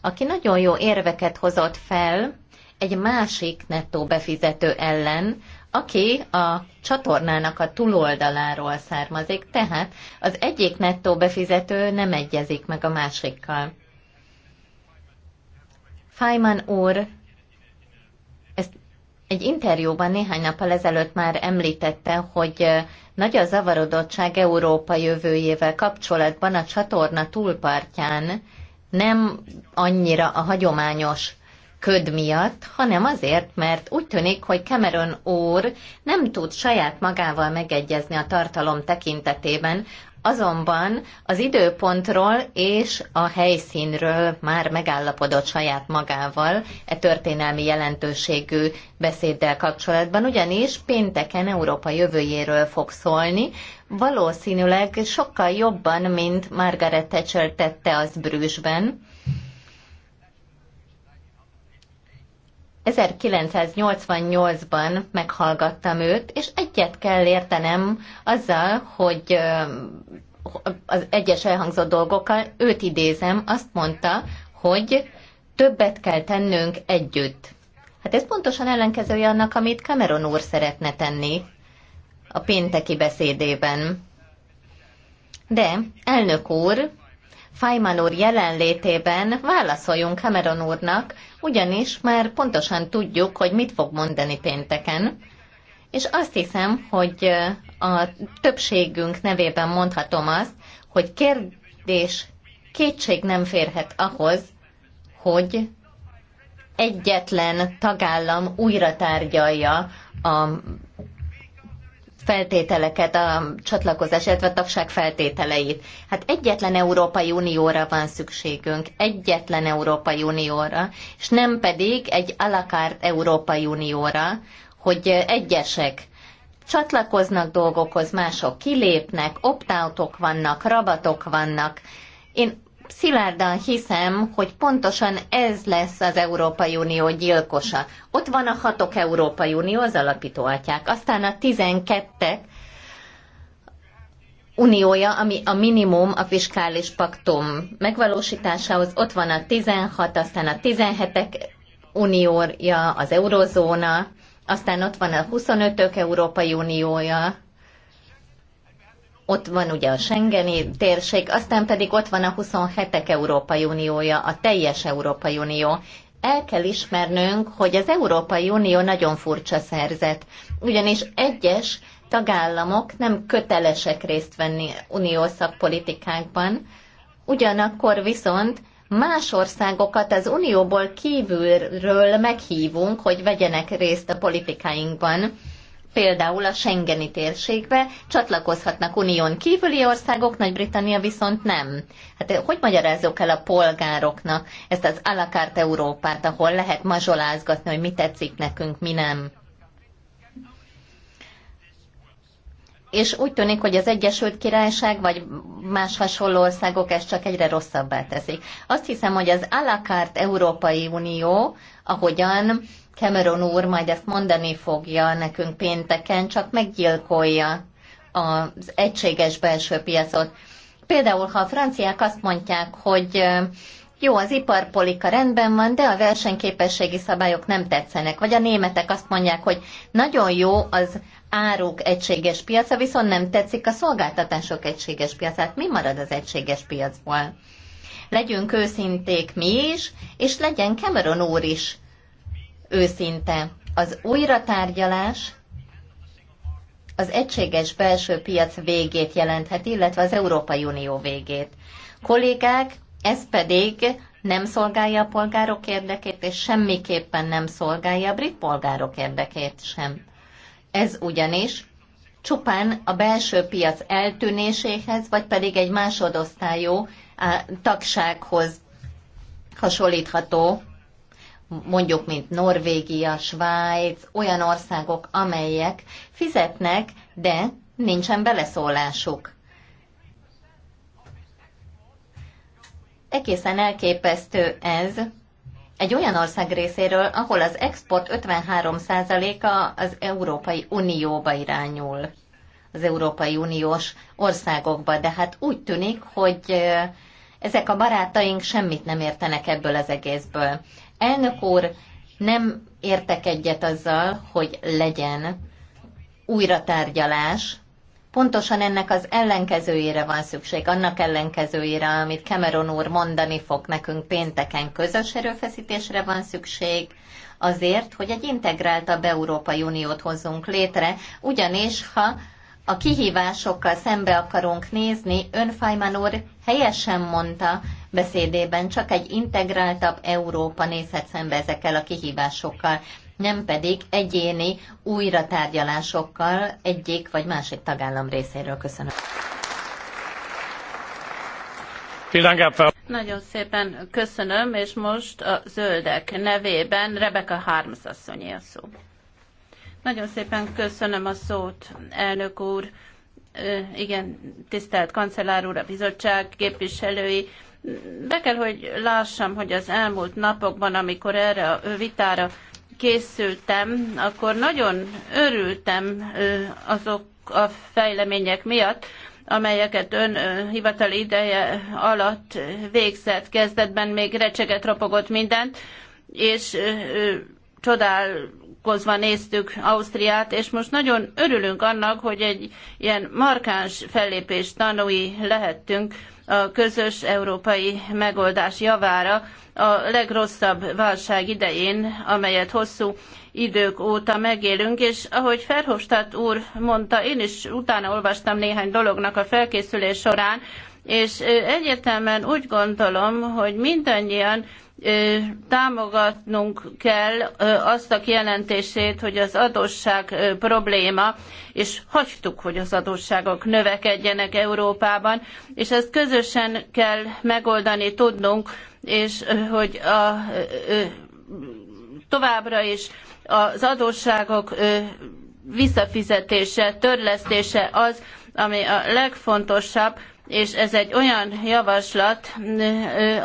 aki nagyon jó érveket hozott fel egy másik nettó befizető ellen, aki a csatornának a túloldaláról származik, tehát az egyik nettó befizető nem egyezik meg a másikkal. Fajman úr ezt egy interjúban néhány nappal ezelőtt már említette, hogy nagy a zavarodottság Európa jövőjével kapcsolatban a csatorna túlpartján, nem annyira a hagyományos köd miatt, hanem azért, mert úgy tűnik, hogy Cameron úr nem tud saját magával megegyezni a tartalom tekintetében, Azonban az időpontról és a helyszínről már megállapodott saját magával e történelmi jelentőségű beszéddel kapcsolatban, ugyanis pénteken Európa jövőjéről fog szólni, valószínűleg sokkal jobban, mint Margaret Thatcher tette az Brüsszben, 1988-ban meghallgattam őt, és egyet kell értenem azzal, hogy az egyes elhangzott dolgokkal őt idézem, azt mondta, hogy többet kell tennünk együtt. Hát ez pontosan ellenkezője annak, amit Cameron úr szeretne tenni a pénteki beszédében. De, elnök úr, Fajman úr jelenlétében válaszoljunk Cameron úrnak, ugyanis már pontosan tudjuk, hogy mit fog mondani pénteken, és azt hiszem, hogy a többségünk nevében mondhatom azt, hogy kérdés kétség nem férhet ahhoz, hogy egyetlen tagállam újra tárgyalja a feltételeket, a csatlakozás, illetve a tagság feltételeit. Hát egyetlen Európai Unióra van szükségünk, egyetlen Európai Unióra, és nem pedig egy alakárt Európai Unióra, hogy egyesek csatlakoznak dolgokhoz, mások kilépnek, opt vannak, rabatok vannak. Én szilárdan hiszem, hogy pontosan ez lesz az Európai Unió gyilkosa. Ott van a hatok Európai Unió, az alapító atyák, aztán a tizenkettek uniója, ami a minimum a fiskális paktum megvalósításához, ott van a 16, aztán a 17-ek uniója, az eurozóna, aztán ott van a 25-ök Európai Uniója, ott van ugye a Schengeni térség, aztán pedig ott van a 27 Európai Uniója, a teljes Európai Unió. El kell ismernünk, hogy az Európai Unió nagyon furcsa szerzet, ugyanis egyes tagállamok nem kötelesek részt venni uniós szakpolitikákban, ugyanakkor viszont más országokat az unióból kívülről meghívunk, hogy vegyenek részt a politikáinkban például a Schengeni térségbe csatlakozhatnak unión kívüli országok, Nagy-Britannia viszont nem. Hát eh, hogy magyarázzuk el a polgároknak ezt az alakárt Európát, ahol lehet mazsolázgatni, hogy mi tetszik nekünk, mi nem? És úgy tűnik, hogy az Egyesült Királyság vagy más hasonló országok ezt csak egyre rosszabbá teszik. Azt hiszem, hogy az alakárt Európai Unió, ahogyan Cameron úr majd ezt mondani fogja nekünk pénteken, csak meggyilkolja az egységes belső piacot. Például, ha a franciák azt mondják, hogy jó, az iparpolika rendben van, de a versenyképességi szabályok nem tetszenek. Vagy a németek azt mondják, hogy nagyon jó az áruk egységes piaca, viszont nem tetszik a szolgáltatások egységes piacát. Mi marad az egységes piacból? Legyünk őszinték mi is, és legyen Cameron úr is őszinte. Az újratárgyalás az egységes belső piac végét jelenthet, illetve az Európai Unió végét. Kollégák, ez pedig nem szolgálja a polgárok érdekét, és semmiképpen nem szolgálja a brit polgárok érdekét sem. Ez ugyanis csupán a belső piac eltűnéséhez, vagy pedig egy másodosztályú tagsághoz hasonlítható mondjuk, mint Norvégia, Svájc, olyan országok, amelyek fizetnek, de nincsen beleszólásuk. Egészen elképesztő ez egy olyan ország részéről, ahol az export 53%-a az Európai Unióba irányul, az Európai Uniós országokba, de hát úgy tűnik, hogy ezek a barátaink semmit nem értenek ebből az egészből. Elnök úr, nem értek egyet azzal, hogy legyen újra tárgyalás. Pontosan ennek az ellenkezőjére van szükség, annak ellenkezőjére, amit Cameron úr mondani fog nekünk pénteken. Közös erőfeszítésre van szükség, azért, hogy egy integráltabb Európai Uniót hozzunk létre, ugyanis ha a kihívásokkal szembe akarunk nézni, ön úr helyesen mondta, beszédében csak egy integráltabb Európa nézhet szembe ezekkel a kihívásokkal, nem pedig egyéni újratárgyalásokkal egyik vagy másik tagállam részéről. Köszönöm. Nagyon szépen köszönöm, és most a zöldek nevében Rebecca Harms asszonyé a szó. Nagyon szépen köszönöm a szót, elnök úr, igen, tisztelt kancellár úr, a bizottság képviselői, be kell, hogy lássam, hogy az elmúlt napokban, amikor erre a vitára készültem, akkor nagyon örültem azok a fejlemények miatt, amelyeket ön hivatali ideje alatt végzett. Kezdetben még recseget ropogott mindent, és csodálkozva néztük Ausztriát, és most nagyon örülünk annak, hogy egy ilyen markáns fellépést tanúi lehettünk a közös európai megoldás javára a legrosszabb válság idején, amelyet hosszú idők óta megélünk, és ahogy Ferhofstadt úr mondta, én is utána olvastam néhány dolognak a felkészülés során, és egyértelműen úgy gondolom, hogy mindannyian támogatnunk kell azt a kijelentését, hogy az adósság probléma, és hagytuk, hogy az adósságok növekedjenek Európában, és ezt közösen kell megoldani tudnunk, és hogy a, továbbra is az adósságok visszafizetése, törlesztése az, ami a legfontosabb, és ez egy olyan javaslat,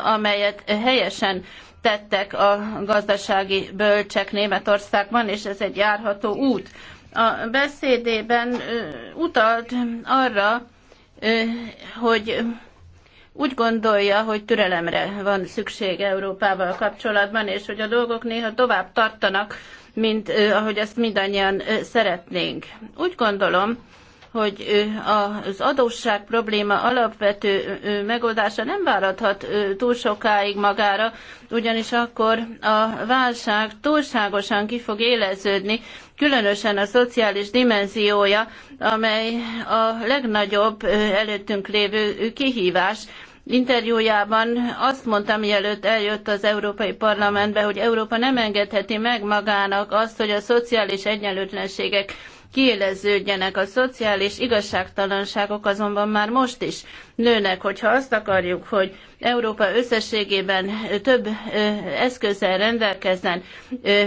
amelyet helyesen tettek a gazdasági bölcsek Németországban, és ez egy járható út. A beszédében utalt arra, hogy úgy gondolja, hogy türelemre van szükség Európával kapcsolatban, és hogy a dolgok néha tovább tartanak, mint ahogy ezt mindannyian szeretnénk. Úgy gondolom, hogy az adósság probléma alapvető megoldása nem váradhat túl sokáig magára, ugyanis akkor a válság túlságosan ki fog éleződni, különösen a szociális dimenziója, amely a legnagyobb előttünk lévő kihívás. Interjújában azt mondta, mielőtt eljött az Európai Parlamentbe, hogy Európa nem engedheti meg magának azt, hogy a szociális egyenlőtlenségek kiéleződjenek. A szociális igazságtalanságok azonban már most is nőnek, hogyha azt akarjuk, hogy Európa összességében több eszközzel rendelkezzen,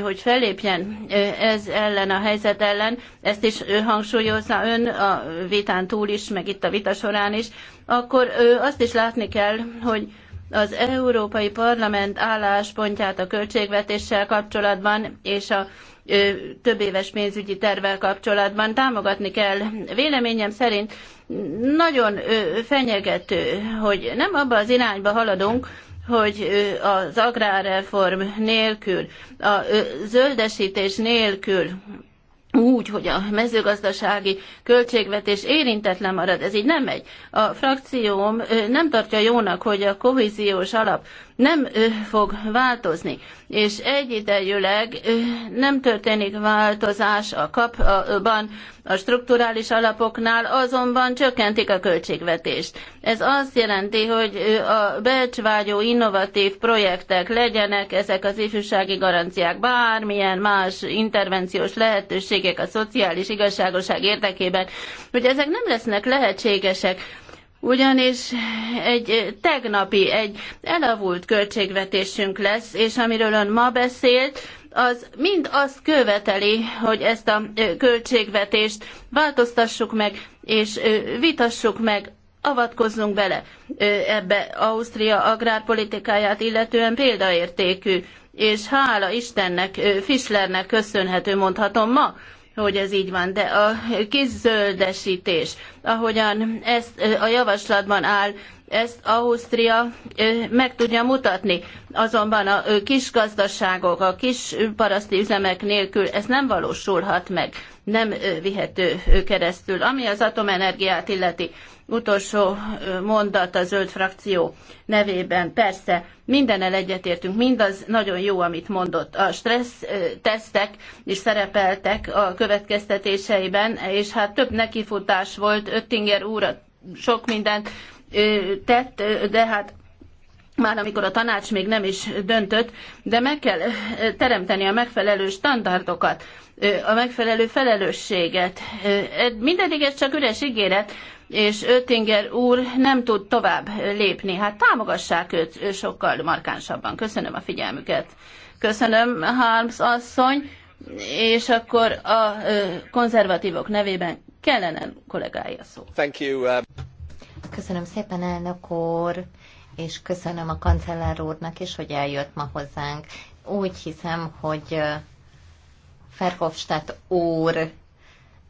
hogy fellépjen ez ellen a helyzet ellen, ezt is hangsúlyozza ön a vitán túl is, meg itt a vita során is, akkor azt is látni kell, hogy az Európai Parlament álláspontját a költségvetéssel kapcsolatban és a több éves pénzügyi tervvel kapcsolatban támogatni kell. Véleményem szerint nagyon fenyegető, hogy nem abba az irányba haladunk, hogy az agrárreform nélkül, a zöldesítés nélkül úgy, hogy a mezőgazdasági költségvetés érintetlen marad, ez így nem megy. A frakcióm nem tartja jónak, hogy a kohéziós alap nem fog változni, és egyidejűleg nem történik változás a kapban, a strukturális alapoknál, azonban csökkentik a költségvetést. Ez azt jelenti, hogy a becsvágyó innovatív projektek legyenek ezek az ifjúsági garanciák, bármilyen más intervenciós lehetőségek a szociális igazságoság érdekében, hogy ezek nem lesznek lehetségesek, ugyanis egy eh, tegnapi, egy elavult költségvetésünk lesz, és amiről ön ma beszélt, az mind azt követeli, hogy ezt a eh, költségvetést változtassuk meg, és eh, vitassuk meg, avatkozzunk bele ebbe Ausztria agrárpolitikáját, illetően példaértékű, és hála Istennek, Fischlernek köszönhető mondhatom ma, hogy ez így van, de a kiszöldesítés, ahogyan ezt a javaslatban áll, ezt Ausztria meg tudja mutatni. Azonban a kis gazdaságok, a kis paraszti üzemek nélkül ez nem valósulhat meg, nem vihető keresztül. Ami az atomenergiát illeti, utolsó mondat a zöld frakció nevében. Persze, mindennel egyetértünk, mindaz nagyon jó, amit mondott. A stressz tesztek is szerepeltek a következtetéseiben, és hát több nekifutás volt, Öttinger úr sok mindent tett, de hát már amikor a tanács még nem is döntött, de meg kell teremteni a megfelelő standardokat, a megfelelő felelősséget. Mindedig ez csak üres ígéret, és Öttinger úr nem tud tovább lépni. Hát támogassák őt sokkal markánsabban. Köszönöm a figyelmüket. Köszönöm, Harms asszony, és akkor a konzervatívok nevében kellene kollégája szó. Thank you, uh... Köszönöm szépen, elnök úr, és köszönöm a kancellár úrnak is, hogy eljött ma hozzánk. Úgy hiszem, hogy Ferhofstadt úr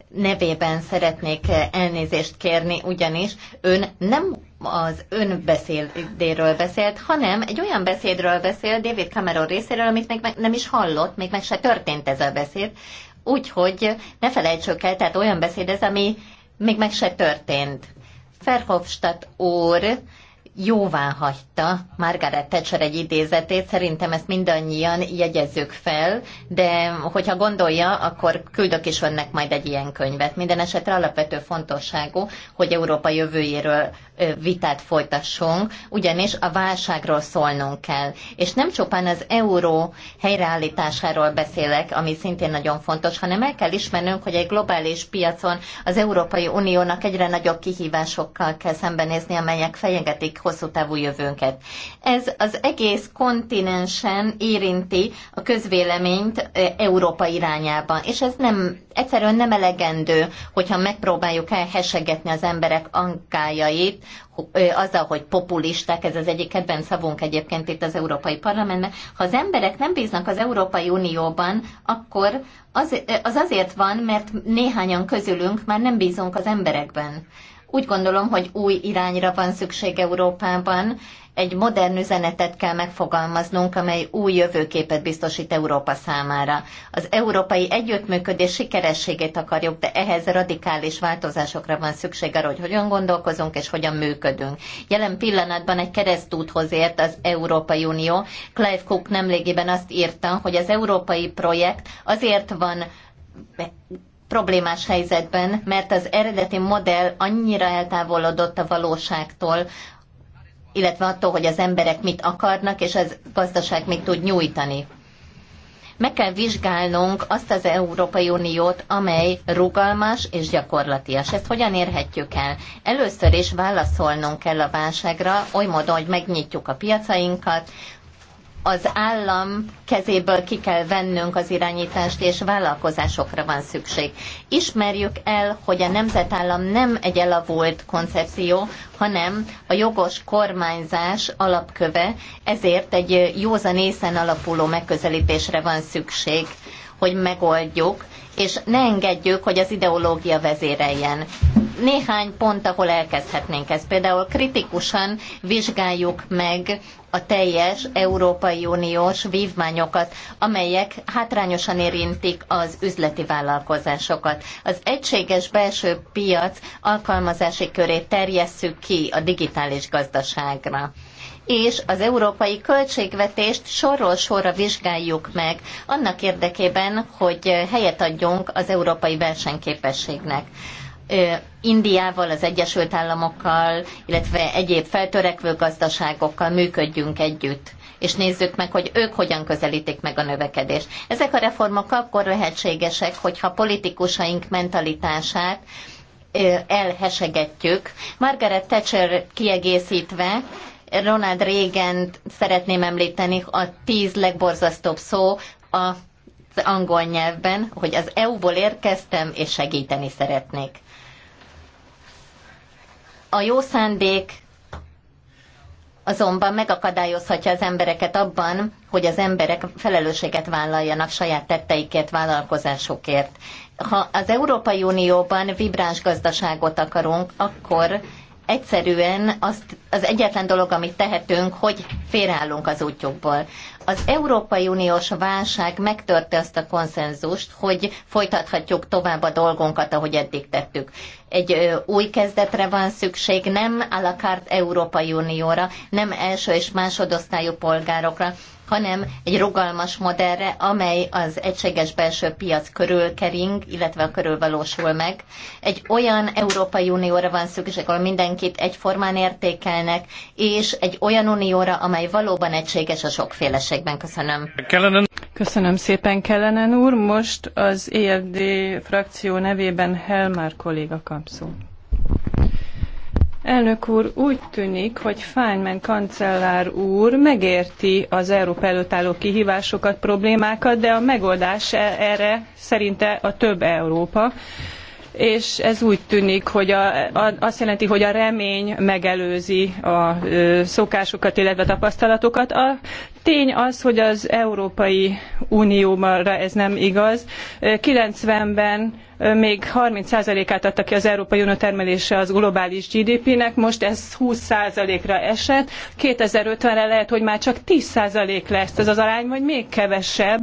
nevében szeretnék elnézést kérni, ugyanis ön nem az beszédéről beszélt, hanem egy olyan beszédről beszél David Cameron részéről, amit még nem is hallott, még meg se történt ez a beszéd. Úgyhogy ne felejtsük el, tehát olyan beszéd ez, ami még meg se történt. Verhofstadt úr jóvá hagyta Margaret Thatcher egy idézetét, szerintem ezt mindannyian jegyezzük fel, de hogyha gondolja, akkor küldök is önnek majd egy ilyen könyvet. Minden esetre alapvető fontosságú, hogy Európa jövőjéről vitát folytassunk, ugyanis a válságról szólnunk kell. És nem csupán az euró helyreállításáról beszélek, ami szintén nagyon fontos, hanem el kell ismernünk, hogy egy globális piacon az Európai Uniónak egyre nagyobb kihívásokkal kell szembenézni, amelyek fenyegetik hosszú távú jövőnket. Ez az egész kontinensen érinti a közvéleményt Európa irányába, és ez nem, egyszerűen nem elegendő, hogyha megpróbáljuk elhesegetni az emberek angájait, azzal, hogy populisták, ez az egyik kedvenc szavunk egyébként itt az Európai Parlamentben, ha az emberek nem bíznak az Európai Unióban, akkor az, az azért van, mert néhányan közülünk már nem bízunk az emberekben. Úgy gondolom, hogy új irányra van szükség Európában, egy modern üzenetet kell megfogalmaznunk, amely új jövőképet biztosít Európa számára. Az európai együttműködés sikerességét akarjuk, de ehhez radikális változásokra van szükség arra, hogy hogyan gondolkozunk és hogyan működünk. Jelen pillanatban egy keresztúthoz ért az Európai Unió. Clive Cook nemrégiben azt írta, hogy az európai projekt azért van problémás helyzetben, mert az eredeti modell annyira eltávolodott a valóságtól, illetve attól, hogy az emberek mit akarnak, és az gazdaság mit tud nyújtani. Meg kell vizsgálnunk azt az Európai Uniót, amely rugalmas és gyakorlatias. Ezt hogyan érhetjük el? Először is válaszolnunk kell a válságra, oly módon, hogy megnyitjuk a piacainkat, az állam kezéből ki kell vennünk az irányítást, és vállalkozásokra van szükség. Ismerjük el, hogy a nemzetállam nem egy elavult koncepció, hanem a jogos kormányzás alapköve, ezért egy józan észen alapuló megközelítésre van szükség, hogy megoldjuk és ne engedjük, hogy az ideológia vezéreljen. Néhány pont, ahol elkezdhetnénk ezt. Például kritikusan vizsgáljuk meg a teljes Európai Uniós vívmányokat, amelyek hátrányosan érintik az üzleti vállalkozásokat. Az egységes belső piac alkalmazási körét terjesszük ki a digitális gazdaságra és az európai költségvetést sorról sorra vizsgáljuk meg, annak érdekében, hogy helyet adjunk az európai versenyképességnek. Indiával, az Egyesült Államokkal, illetve egyéb feltörekvő gazdaságokkal működjünk együtt és nézzük meg, hogy ők hogyan közelítik meg a növekedést. Ezek a reformok akkor lehetségesek, hogyha politikusaink mentalitását elhesegetjük. Margaret Thatcher kiegészítve Ronald reagan szeretném említeni, a tíz legborzasztóbb szó a az angol nyelvben, hogy az EU-ból érkeztem, és segíteni szeretnék. A jó szándék azonban megakadályozhatja az embereket abban, hogy az emberek felelősséget vállaljanak saját tetteikért, vállalkozásokért. Ha az Európai Unióban vibráns gazdaságot akarunk, akkor egyszerűen az, az egyetlen dolog, amit tehetünk, hogy félreállunk az útjukból. Az Európai Uniós válság megtörte azt a konszenzust, hogy folytathatjuk tovább a dolgunkat, ahogy eddig tettük. Egy ö, új kezdetre van szükség, nem a la carte Európai Unióra, nem első és másodosztályú polgárokra, hanem egy rugalmas modellre, amely az egységes belső piac körül kering, illetve körül valósul meg. Egy olyan Európai Unióra van szükség, ahol mindenkit egyformán értékelnek, és egy olyan unióra, amely valóban egységes a sokféleségben. Köszönöm. Kellenen. Köszönöm szépen, Kellenen úr. Most az EFD frakció nevében Helmár kolléga kap Elnök úr, úgy tűnik, hogy Feynman kancellár úr megérti az Európa előtt álló kihívásokat, problémákat, de a megoldás e- erre szerinte a több Európa és ez úgy tűnik, hogy a, a, azt jelenti, hogy a remény megelőzi a ö, szokásokat, illetve tapasztalatokat. A tény az, hogy az Európai Unióra ez nem igaz. 90-ben még 30%-át adta ki az Európai Unió termelése az globális GDP-nek, most ez 20%-ra esett. 2050-re lehet, hogy már csak 10% lesz ez az arány, vagy még kevesebb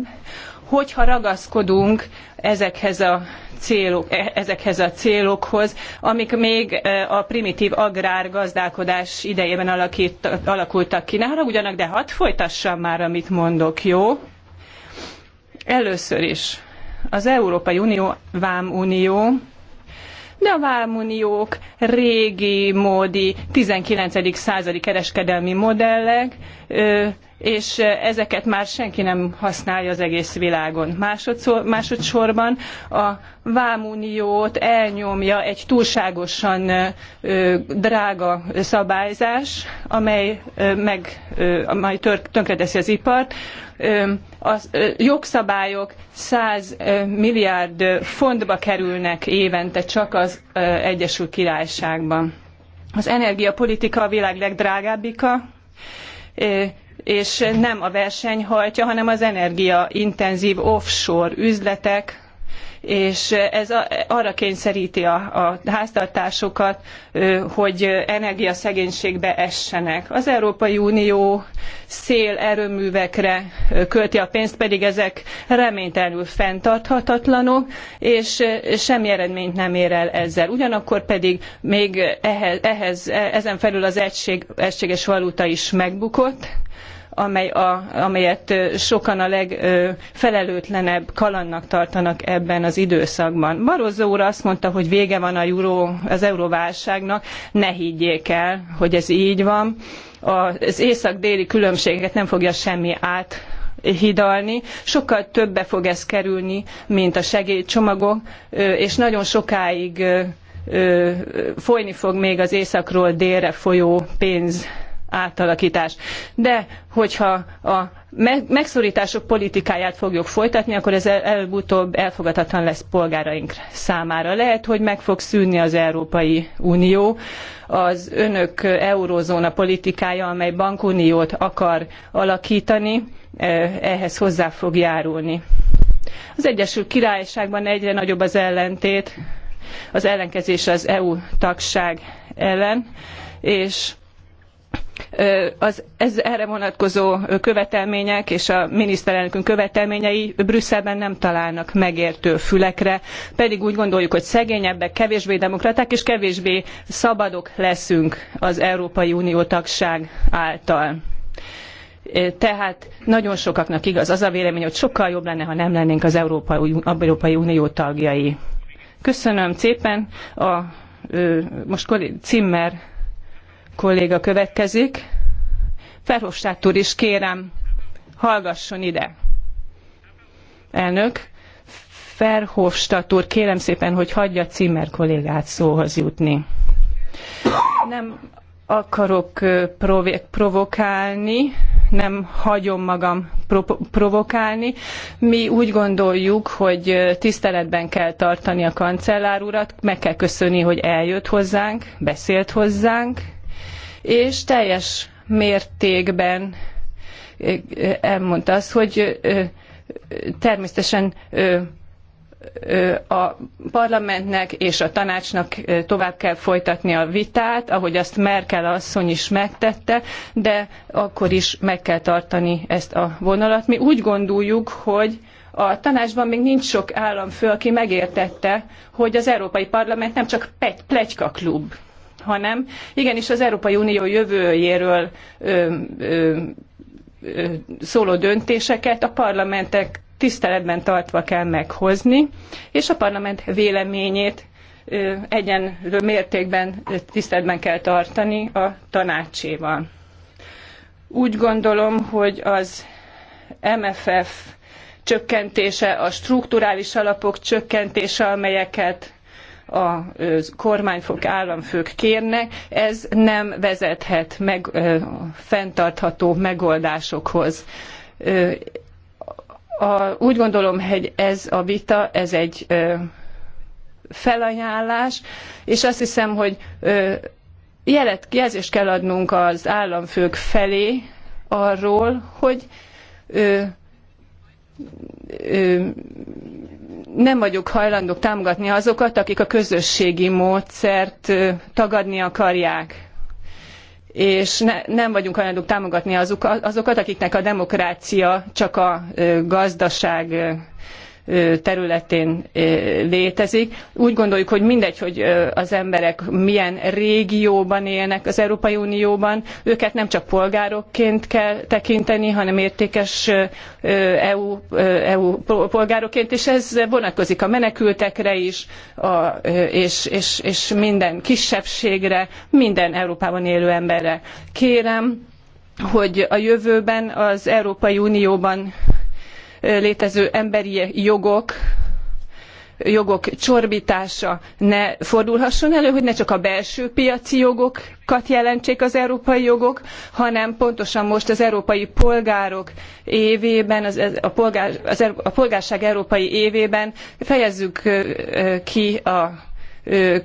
hogyha ragaszkodunk ezekhez a, célok, e, ezekhez a célokhoz, amik még e, a primitív agrárgazdálkodás idejében alakít, alakultak ki. Ne haragudjanak, de hadd folytassam már, amit mondok, jó? Először is az Európai Unió, Vámunió, de a vámuniók régi módi 19. századi kereskedelmi modellek, és ezeket már senki nem használja az egész világon. Másodszor, másodszorban a vámuniót elnyomja egy túlságosan ö, drága szabályzás, amely, ö, meg, ö, amely tör, tönkreteszi az ipart. Ö, a jogszabályok 100 milliárd fontba kerülnek évente csak az ö, Egyesült Királyságban. Az energiapolitika a világ legdrágábbika, és nem a verseny hajtja, hanem az energiaintenzív offshore üzletek, és ez arra kényszeríti a, a háztartásokat, hogy energiaszegénységbe essenek. Az Európai Unió szél erőművekre költi a pénzt, pedig ezek reménytelenül fenntarthatatlanok, és semmi eredményt nem ér el ezzel. Ugyanakkor pedig még ehhez, ehhez e, ezen felül az egység, egységes valuta is megbukott, amely a, amelyet sokan a legfelelőtlenebb kalannak tartanak ebben az időszakban. Barozó úr azt mondta, hogy vége van a euró, az euróválságnak, ne higgyék el, hogy ez így van. Az észak-déli különbségeket nem fogja semmi át hidalni. Sokkal többe fog ez kerülni, mint a segélycsomagok, és nagyon sokáig folyni fog még az északról délre folyó pénz átalakítás. De hogyha a megszorítások politikáját fogjuk folytatni, akkor ez előbb-utóbb elfogadhatatlan lesz polgáraink számára. Lehet, hogy meg fog szűnni az Európai Unió, az önök eurózóna politikája, amely bankuniót akar alakítani, e, ehhez hozzá fog járulni. Az Egyesült Királyságban egyre nagyobb az ellentét, az ellenkezés az EU tagság ellen, és az ez erre vonatkozó követelmények és a miniszterelnökünk követelményei Brüsszelben nem találnak megértő fülekre, pedig úgy gondoljuk, hogy szegényebbek, kevésbé demokraták és kevésbé szabadok leszünk az Európai Unió tagság által. Tehát nagyon sokaknak igaz az a vélemény, hogy sokkal jobb lenne, ha nem lennénk az Európai, Unió tagjai. Köszönöm szépen. A, most Zimmer kolléga következik. Verhofstadt úr is kérem, hallgasson ide. Elnök, Verhofstadt úr, kérem szépen, hogy hagyja Zimmer kollégát szóhoz jutni. Nem akarok provokálni, nem hagyom magam provokálni. Mi úgy gondoljuk, hogy tiszteletben kell tartani a kancellár urat, meg kell köszönni, hogy eljött hozzánk, beszélt hozzánk, és teljes mértékben elmondta azt, hogy természetesen a parlamentnek és a tanácsnak tovább kell folytatni a vitát, ahogy azt Merkel asszony is megtette, de akkor is meg kell tartani ezt a vonalat. Mi úgy gondoljuk, hogy a tanácsban még nincs sok államfő, aki megértette, hogy az Európai Parlament nem csak pletyka klub hanem igenis az Európai Unió jövőjéről ö, ö, ö, szóló döntéseket a parlamentek tiszteletben tartva kell meghozni, és a parlament véleményét egyenlő mértékben tiszteletben kell tartani a tanácséval. Úgy gondolom, hogy az MFF csökkentése, a strukturális alapok csökkentése, amelyeket a kormányfők, államfők kérnek, ez nem vezethet meg, fenntartható megoldásokhoz a, úgy gondolom, hogy ez a vita, ez egy ö, felajánlás, és azt hiszem, hogy ö, jelet, jelzést kell adnunk az államfők felé arról, hogy ö, ö, nem vagyok hajlandó támogatni azokat, akik a közösségi módszert tagadni akarják. És ne, nem vagyunk hajlandók támogatni azok, azokat, akiknek a demokrácia csak a gazdaság területén létezik. Úgy gondoljuk, hogy mindegy, hogy az emberek milyen régióban élnek az Európai Unióban, őket nem csak polgárokként kell tekinteni, hanem értékes EU, EU polgárokként, és ez vonatkozik a menekültekre is, a, és, és, és minden kisebbségre, minden Európában élő emberre. Kérem, hogy a jövőben az Európai Unióban létező emberi jogok jogok csorbítása ne fordulhasson elő, hogy ne csak a belső piaci jogokat jelentsék az európai jogok, hanem pontosan most az európai polgárok évében, az, a, polgár, az, er, a polgárság európai évében fejezzük ki a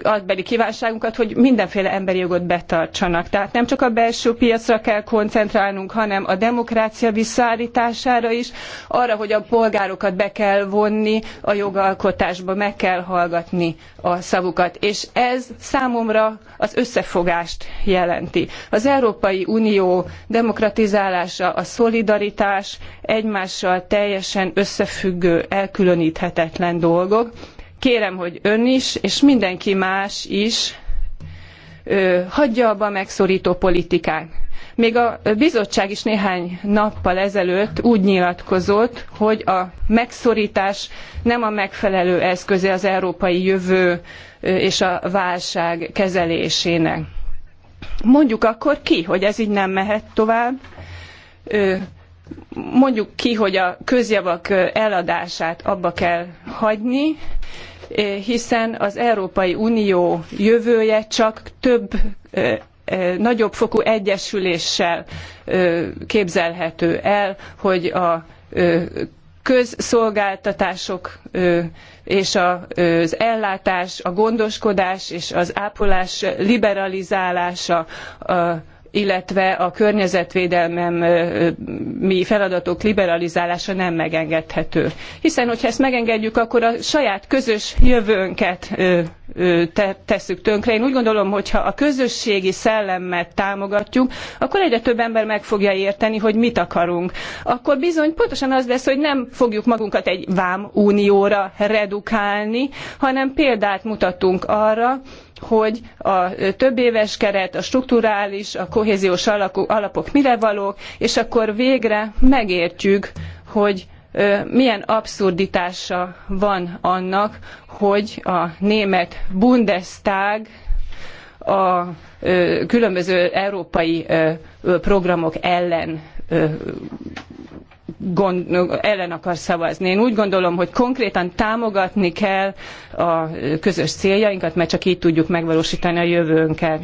adbeli kívánságunkat, hogy mindenféle emberi jogot betartsanak. Tehát nem csak a belső piacra kell koncentrálnunk, hanem a demokrácia visszaállítására is, arra, hogy a polgárokat be kell vonni a jogalkotásba, meg kell hallgatni a szavukat. És ez számomra az összefogást jelenti. Az Európai Unió demokratizálása, a szolidaritás egymással teljesen összefüggő, elkülöníthetetlen dolgok, Kérem, hogy ön is, és mindenki más is ö, hagyja abba a megszorító politikát. Még a bizottság is néhány nappal ezelőtt úgy nyilatkozott, hogy a megszorítás nem a megfelelő eszköze az európai jövő és a válság kezelésének. Mondjuk akkor ki, hogy ez így nem mehet tovább. Mondjuk ki, hogy a közjavak eladását abba kell hagyni, Eh, hiszen az Európai Unió jövője csak több eh, eh, nagyobb fokú egyesüléssel képzelhető el, hogy a közszolgáltatások és az ellátás, a gondoskodás és az ápolás liberalizálása illetve a környezetvédelmem mi feladatok liberalizálása nem megengedhető. Hiszen, hogyha ezt megengedjük, akkor a saját közös jövőnket tesszük tönkre. Én úgy gondolom, hogy ha a közösségi szellemet támogatjuk, akkor egyre több ember meg fogja érteni, hogy mit akarunk. Akkor bizony pontosan az lesz, hogy nem fogjuk magunkat egy vámunióra redukálni, hanem példát mutatunk arra, hogy a többéves keret, a strukturális, a kohéziós kohéziós alapok mire valók, és akkor végre megértjük, hogy milyen abszurditása van annak, hogy a német Bundestag a különböző európai programok ellen Gond, ellen akar szavazni. Én úgy gondolom, hogy konkrétan támogatni kell a közös céljainkat, mert csak így tudjuk megvalósítani a jövőnket.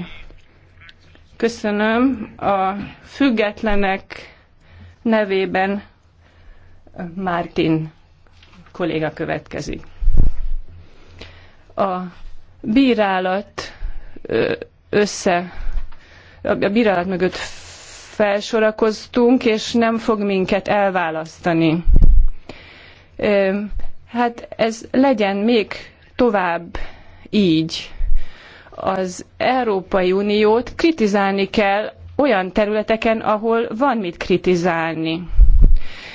Köszönöm. A függetlenek nevében Mártin kolléga következik. A bírálat össze, a bírálat mögött felsorakoztunk, és nem fog minket elválasztani. Hát ez legyen még tovább így az Európai Uniót kritizálni kell olyan területeken, ahol van mit kritizálni.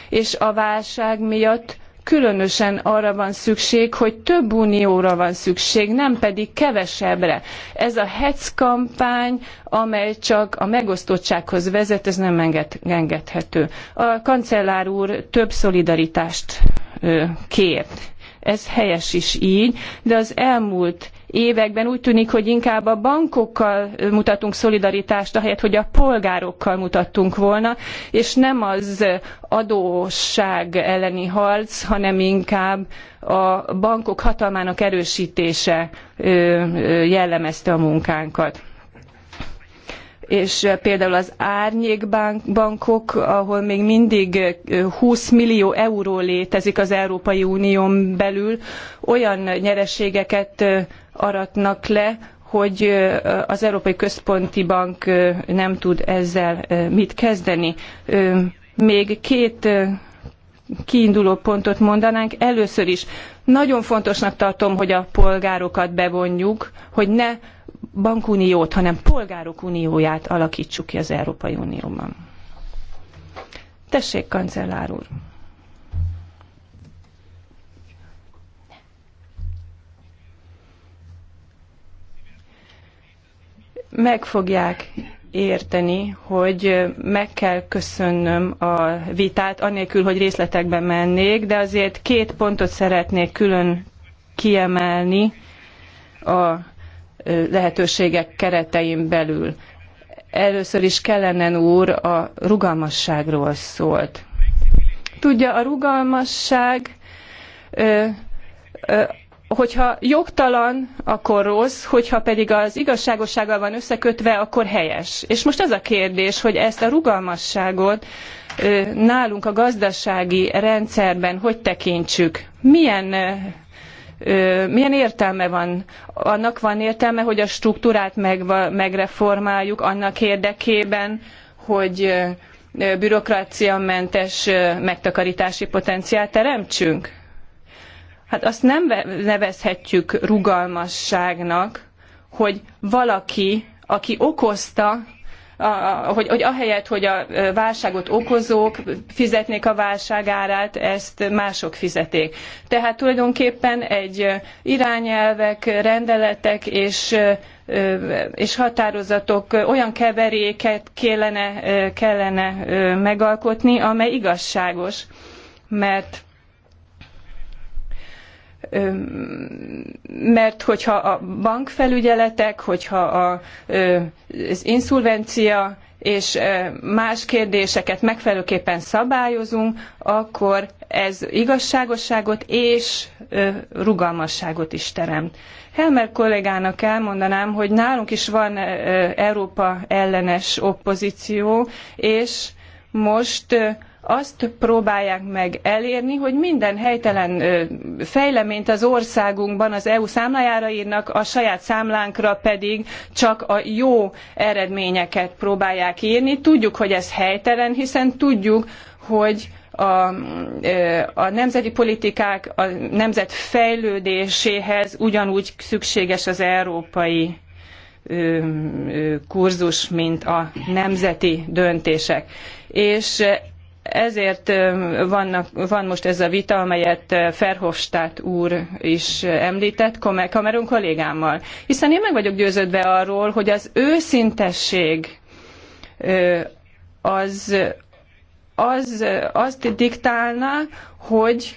És a válság miatt különösen arra van szükség, hogy több unióra van szükség, nem pedig kevesebbre. Ez a hetz kampány, amely csak a megosztottsághoz vezet, ez nem engedhető. A kancellár úr több szolidaritást kért ez helyes is így, de az elmúlt években úgy tűnik, hogy inkább a bankokkal mutatunk szolidaritást, ahelyett, hogy a polgárokkal mutattunk volna, és nem az adósság elleni harc, hanem inkább a bankok hatalmának erősítése jellemezte a munkánkat és eh, például az árnyékbankok, ahol még mindig 20 eh, millió euró létezik az Európai Unión belül, olyan nyereségeket eh, aratnak le, hogy az Európai Központi Bank nem tud ezzel mit kezdeni. Még két kiinduló pontot mondanánk. Először is nagyon fontosnak tartom, hogy a polgárokat bevonjuk, hogy ne bankuniót, hanem polgárok unióját alakítsuk ki az Európai Unióban. Tessék, kancellár úr! Meg fogják érteni, hogy meg kell köszönnöm a vitát, anélkül, hogy részletekbe mennék, de azért két pontot szeretnék külön kiemelni a lehetőségek keretein belül. Először is Kellenen úr a rugalmasságról szólt. Tudja, a rugalmasság, hogyha jogtalan, akkor rossz, hogyha pedig az igazságossággal van összekötve, akkor helyes. És most az a kérdés, hogy ezt a rugalmasságot nálunk a gazdasági rendszerben hogy tekintsük? Milyen milyen értelme van? Annak van értelme, hogy a struktúrát meg, megreformáljuk annak érdekében, hogy bürokráciamentes megtakarítási potenciált teremtsünk? Hát azt nem nevezhetjük rugalmasságnak, hogy valaki, aki okozta a, a, hogy, hogy ahelyett, hogy a válságot okozók fizetnék a válság árát, ezt mások fizeték. Tehát tulajdonképpen egy irányelvek, rendeletek és és határozatok olyan keveréket kellene, kellene megalkotni, amely igazságos, mert mert hogyha a bankfelügyeletek, hogyha a, az inszulvencia és más kérdéseket megfelelőképpen szabályozunk, akkor ez igazságosságot és rugalmasságot is teremt. Helmer kollégának elmondanám, hogy nálunk is van Európa ellenes opozíció, és most azt próbálják meg elérni, hogy minden helytelen fejleményt az országunkban az EU számlájára írnak, a saját számlánkra pedig csak a jó eredményeket próbálják írni. Tudjuk, hogy ez helytelen, hiszen tudjuk, hogy a, a, nemzeti politikák, a nemzet fejlődéséhez ugyanúgy szükséges az európai kurzus, mint a nemzeti döntések. És ezért vannak, van most ez a vita, amelyet Ferhofstadt úr is említett Kamerun kollégámmal. Hiszen én meg vagyok győződve arról, hogy az őszintesség az, az azt diktálná, hogy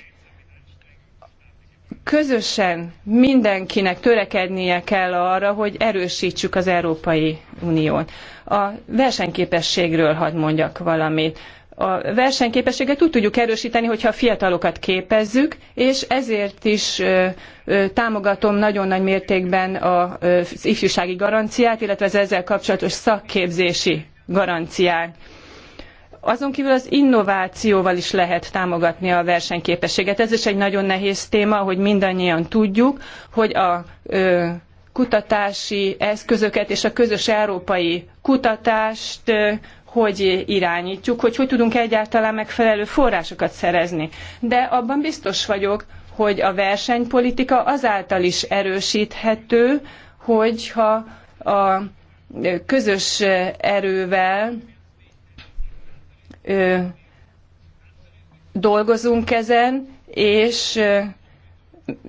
közösen mindenkinek törekednie kell arra, hogy erősítsük az Európai Uniót. A versenyképességről hadd mondjak valamit a versenyképességet úgy tudjuk erősíteni, hogyha a fiatalokat képezzük, és ezért is támogatom nagyon nagy mértékben az ifjúsági garanciát, illetve az ezzel kapcsolatos szakképzési garanciát. Azon kívül az innovációval is lehet támogatni a versenyképességet. Ez is egy nagyon nehéz téma, hogy mindannyian tudjuk, hogy a kutatási eszközöket és a közös európai kutatást hogy irányítjuk, hogy hogy tudunk egyáltalán megfelelő forrásokat szerezni. De abban biztos vagyok, hogy a versenypolitika azáltal is erősíthető, hogyha a közös erővel dolgozunk ezen, és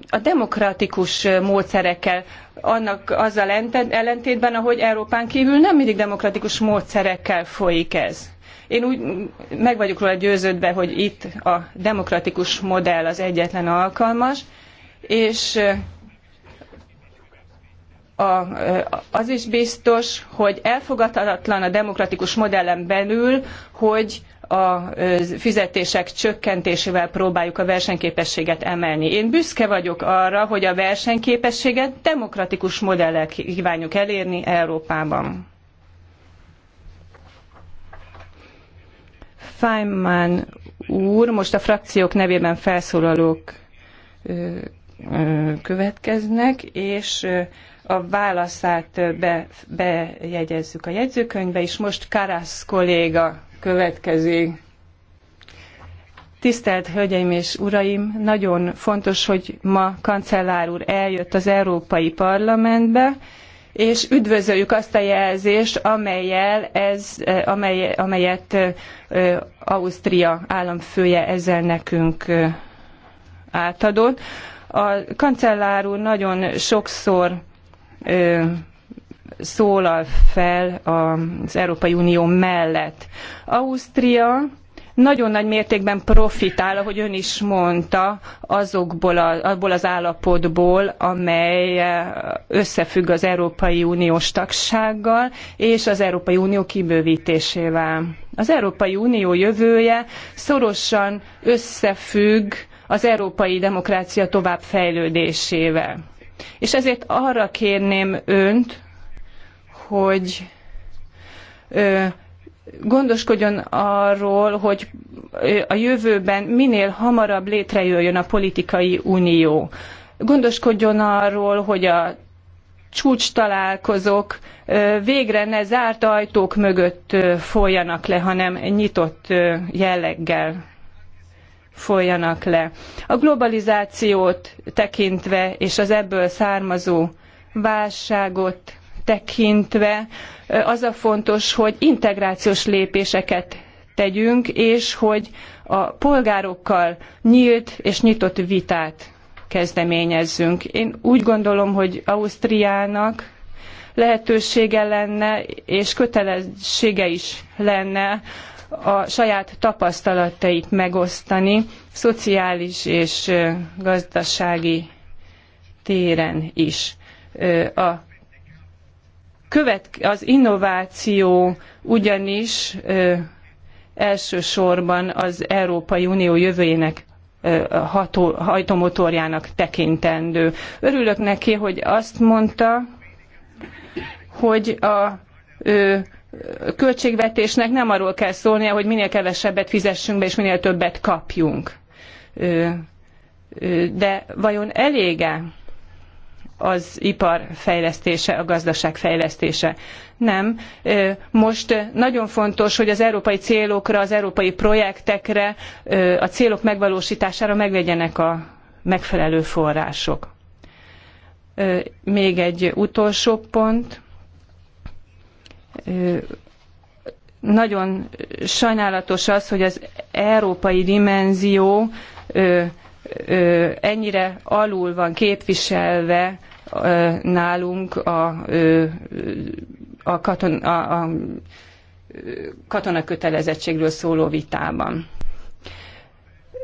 a demokratikus módszerekkel, annak azzal ellentétben, ahogy Európán kívül nem mindig demokratikus módszerekkel folyik ez. Én úgy meg vagyok róla győződve, hogy itt a demokratikus modell az egyetlen alkalmas, és a, az is biztos, hogy elfogadhatatlan a demokratikus modellen belül, hogy a fizetések csökkentésével próbáljuk a versenyképességet emelni. Én büszke vagyok arra, hogy a versenyképességet demokratikus modellel kívánjuk elérni Európában. Feynman úr, most a frakciók nevében felszólalók következnek, és a válaszát be, bejegyezzük a jegyzőkönyvbe, és most Karász kolléga következik. Tisztelt Hölgyeim és Uraim! Nagyon fontos, hogy ma kancellár úr eljött az Európai Parlamentbe, és üdvözöljük azt a jelzést, amelyel ez, amely, amelyet Ausztria államfője ezzel nekünk átadott. A kancellár úr nagyon sokszor szólal fel az Európai Unió mellett. Ausztria nagyon nagy mértékben profitál, ahogy ön is mondta, azokból a, abból az állapotból, amely összefügg az Európai Uniós tagsággal és az Európai Unió kibővítésével. Az Európai Unió jövője szorosan összefügg az európai demokrácia továbbfejlődésével és ezért arra kérném önt, hogy ö, gondoskodjon arról, hogy a jövőben minél hamarabb létrejöjjön a politikai unió. Gondoskodjon arról, hogy a csúcstalálkozók végre ne zárt ajtók mögött folyjanak le, hanem nyitott jelleggel folyjanak le. A globalizációt tekintve és az ebből származó válságot tekintve az a fontos, hogy integrációs lépéseket tegyünk, és hogy a polgárokkal nyílt és nyitott vitát kezdeményezzünk. Én úgy gondolom, hogy Ausztriának lehetősége lenne, és kötelessége is lenne a saját tapasztalatait megosztani, szociális és gazdasági téren is. A követ, az innováció ugyanis elsősorban az Európai Unió jövőjének ható, hajtómotorjának tekintendő. Örülök neki, hogy azt mondta, hogy a költségvetésnek nem arról kell szólnia, hogy minél kevesebbet fizessünk be, és minél többet kapjunk. De vajon elége az ipar fejlesztése, a gazdaság fejlesztése? Nem. Most nagyon fontos, hogy az európai célokra, az európai projektekre, a célok megvalósítására meglegyenek a megfelelő források. Még egy utolsó pont nagyon sajnálatos az, hogy az európai dimenzió ennyire alul van képviselve nálunk a, a, katon, a, a szóló vitában.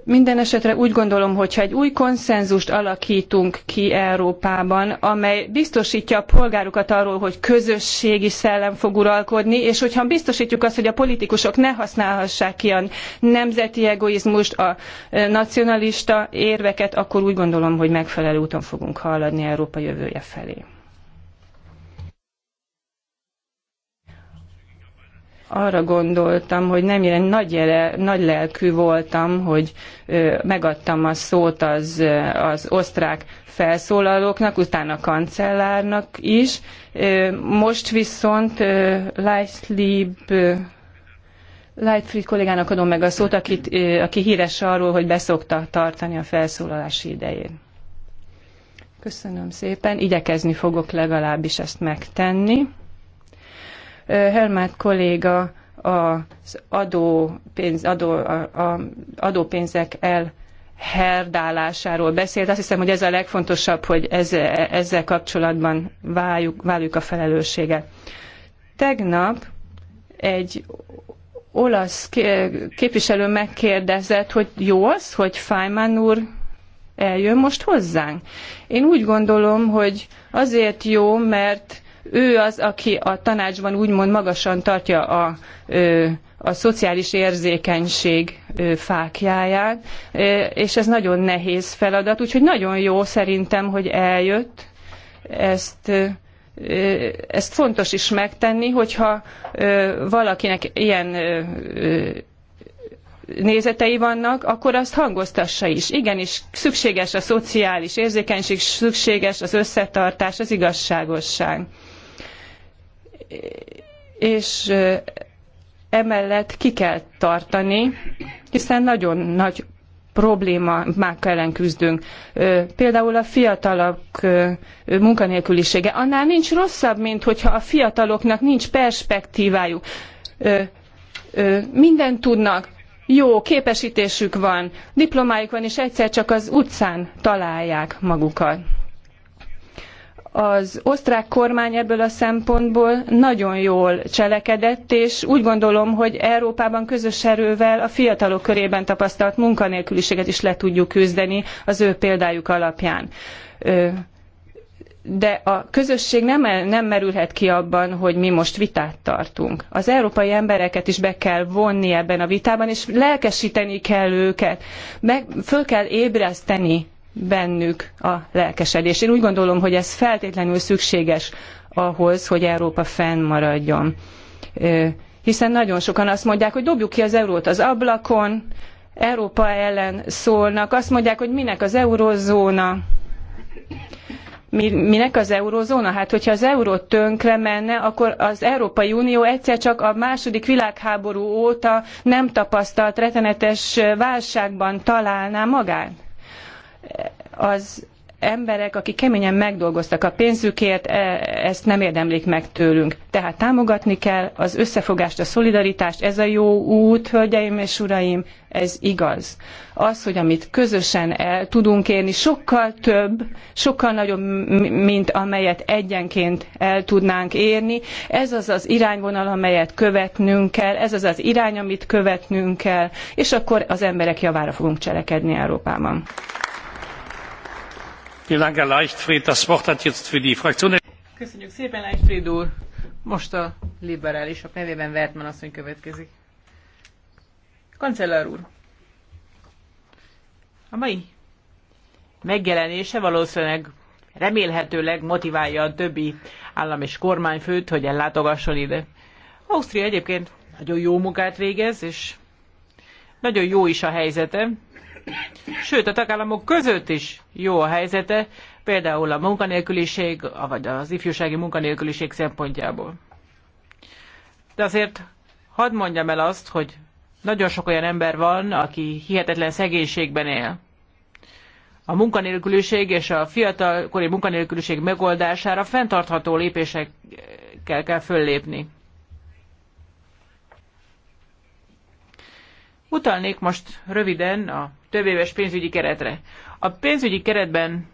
Minden esetre úgy gondolom, hogy ha egy új konszenzust alakítunk ki Európában, amely biztosítja a polgárokat arról, hogy közösségi szellem fog uralkodni, és hogyha biztosítjuk azt, hogy a politikusok ne használhassák ki a nemzeti egoizmust, a e, nacionalista érveket, akkor úgy gondolom, hogy megfelelő úton fogunk haladni Európa jövője felé. arra gondoltam, hogy nem ilyen nagy, jele, nagy lelkű voltam, hogy ö, megadtam a szót az, az osztrák felszólalóknak, utána a kancellárnak is. Ö, most viszont ö, Leislieb Lightfried kollégának adom meg a szót, akit, ö, aki híres arról, hogy beszokta tartani a felszólalási idejét. Köszönöm szépen, igyekezni fogok legalábbis ezt megtenni. Helmát kolléga az adópénz, adó, a, a, adópénzek el herdálásáról beszélt. Azt hiszem, hogy ez a legfontosabb, hogy ez, ezzel kapcsolatban váljuk, váljuk a felelősséget. Tegnap egy olasz képviselő megkérdezett, hogy jó az, hogy Fájmán úr eljön most hozzánk. Én úgy gondolom, hogy azért jó, mert ő az, aki a tanácsban úgymond magasan tartja a, a szociális érzékenység fákjáját, és ez nagyon nehéz feladat, úgyhogy nagyon jó szerintem, hogy eljött ezt ezt fontos is megtenni, hogyha valakinek ilyen nézetei vannak, akkor azt hangoztassa is. Igenis, szükséges a szociális érzékenység, szükséges az összetartás, az igazságosság és emellett ki kell tartani, hiszen nagyon nagy problémák ellen küzdünk. Például a fiatalok munkanélkülisége. Annál nincs rosszabb, mint hogyha a fiataloknak nincs perspektívájuk. Mindent tudnak, jó képesítésük van, diplomájuk van, és egyszer csak az utcán találják magukat az osztrák kormány ebből a szempontból nagyon jól cselekedett, és úgy gondolom, hogy Európában közös erővel a fiatalok körében tapasztalt munkanélküliséget is le tudjuk küzdeni az ő példájuk alapján. De a közösség nem, nem merülhet ki abban, hogy mi most vitát tartunk. Az európai embereket is be kell vonni ebben a vitában, és lelkesíteni kell őket. Meg, föl kell ébreszteni bennük a lelkesedés. Én úgy gondolom, hogy ez feltétlenül szükséges ahhoz, hogy Európa fennmaradjon. Hiszen nagyon sokan azt mondják, hogy dobjuk ki az eurót az ablakon, Európa ellen szólnak, azt mondják, hogy minek az eurozóna, mi, minek az eurózóna? Hát, hogyha az euró tönkre menne, akkor az Európai Unió egyszer csak a második világháború óta nem tapasztalt rettenetes válságban találná magát az emberek, akik keményen megdolgoztak a pénzükért, e, ezt nem érdemlik meg tőlünk. Tehát támogatni kell az összefogást, a szolidaritást, ez a jó út, hölgyeim és uraim, ez igaz. Az, hogy amit közösen el tudunk érni, sokkal több, sokkal nagyobb, mint amelyet egyenként el tudnánk érni. Ez az az irányvonal, amelyet követnünk kell, ez az az irány, amit követnünk kell, és akkor az emberek javára fogunk cselekedni Európában. Köszönjük szépen, Leichtfried úr. Most a liberálisok nevében Vertman asszony következik. Kancellár úr, a mai megjelenése valószínűleg remélhetőleg motiválja a többi állam és kormányfőt, hogy ellátogasson ide. Ausztria egyébként nagyon jó munkát végez, és nagyon jó is a helyzete, Sőt, a tagállamok között is jó a helyzete, például a munkanélküliség, vagy az ifjúsági munkanélküliség szempontjából. De azért hadd mondjam el azt, hogy nagyon sok olyan ember van, aki hihetetlen szegénységben él. A munkanélküliség és a fiatalkori munkanélküliség megoldására fenntartható lépésekkel kell föllépni. Utalnék most röviden a többéves pénzügyi keretre. A pénzügyi keretben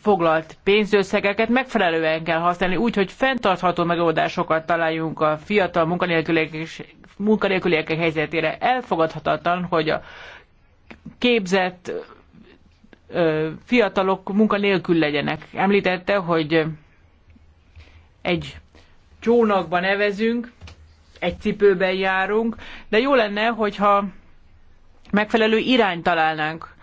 foglalt pénzösszegeket megfelelően kell használni, úgy, hogy fenntartható megoldásokat találjunk a fiatal munkanélküliek, munkanélküliek helyzetére. Elfogadhatatlan, hogy a képzett ö, fiatalok munkanélkül legyenek. Említette, hogy egy csónakban nevezünk, egy cipőben járunk, de jó lenne, hogyha megfelelő irányt találnánk.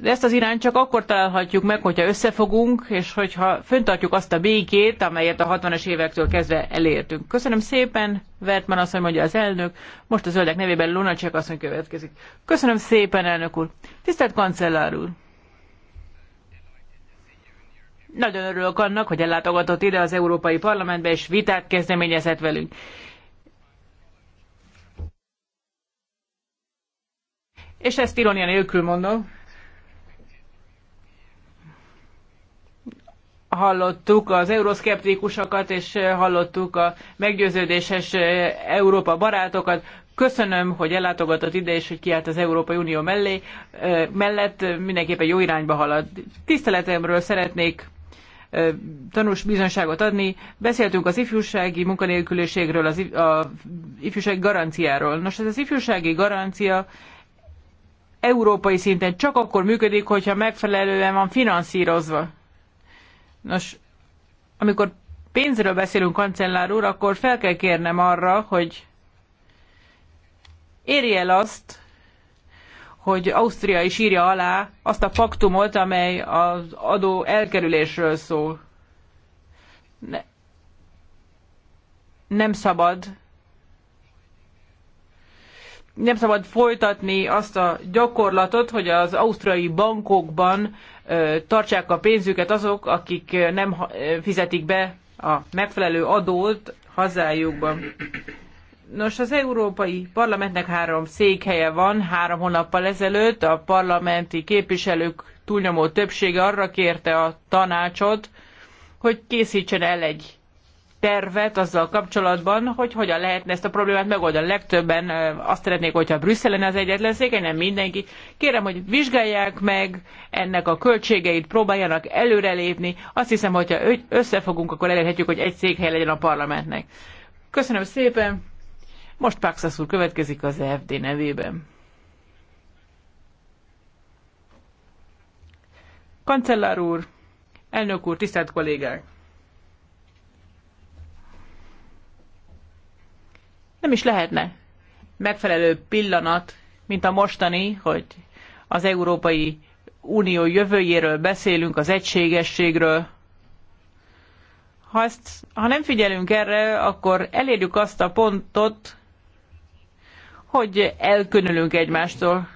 De ezt az irányt csak akkor találhatjuk meg, hogyha összefogunk, és hogyha föntartjuk azt a békét, amelyet a 60-as évektől kezdve elértünk. Köszönöm szépen, Vertman asszony mondja az elnök, most az zöldek nevében Lunacek asszony következik. Köszönöm szépen, elnök úr. Tisztelt kancellár úr! Nagyon örülök annak, hogy ellátogatott ide az Európai Parlamentbe, és vitát kezdeményezett velünk. és ezt ironia nélkül mondom, hallottuk az euroszkeptikusokat, és hallottuk a meggyőződéses Európa barátokat. Köszönöm, hogy ellátogatott ide, és hogy kiállt az Európai Unió mellé, mellett mindenképpen jó irányba halad. Tiszteletemről szeretnék tanús bizonságot adni. Beszéltünk az ifjúsági munkanélküliségről, az ifjúsági garanciáról. Nos, ez az ifjúsági garancia európai szinten csak akkor működik, hogyha megfelelően van finanszírozva. Nos, amikor pénzről beszélünk, kancellár úr, akkor fel kell kérnem arra, hogy érje el azt, hogy Ausztria is írja alá azt a faktumot, amely az adó elkerülésről szól. Ne, nem szabad nem szabad folytatni azt a gyakorlatot, hogy az ausztrai bankokban ö, tartsák a pénzüket azok, akik nem fizetik be a megfelelő adót hazájukban. Nos, az Európai Parlamentnek három székhelye van. Három hónappal ezelőtt a parlamenti képviselők túlnyomó többsége arra kérte a tanácsot, hogy készítsen el egy tervet azzal kapcsolatban, hogy hogyan lehetne ezt a problémát megoldani. Legtöbben azt szeretnék, hogyha Brüsszel lenne az egyetlen székely, nem mindenki. Kérem, hogy vizsgálják meg ennek a költségeit, próbáljanak előrelépni. Azt hiszem, hogyha összefogunk, akkor elérhetjük, hogy egy székhely legyen a parlamentnek. Köszönöm szépen. Most Paxas úr következik az EFD nevében. Kancellár úr, elnök úr, tisztelt kollégák! nem is lehetne megfelelő pillanat, mint a mostani, hogy az Európai Unió jövőjéről beszélünk, az egységességről. Ha, ezt, ha nem figyelünk erre, akkor elérjük azt a pontot, hogy elkönülünk egymástól.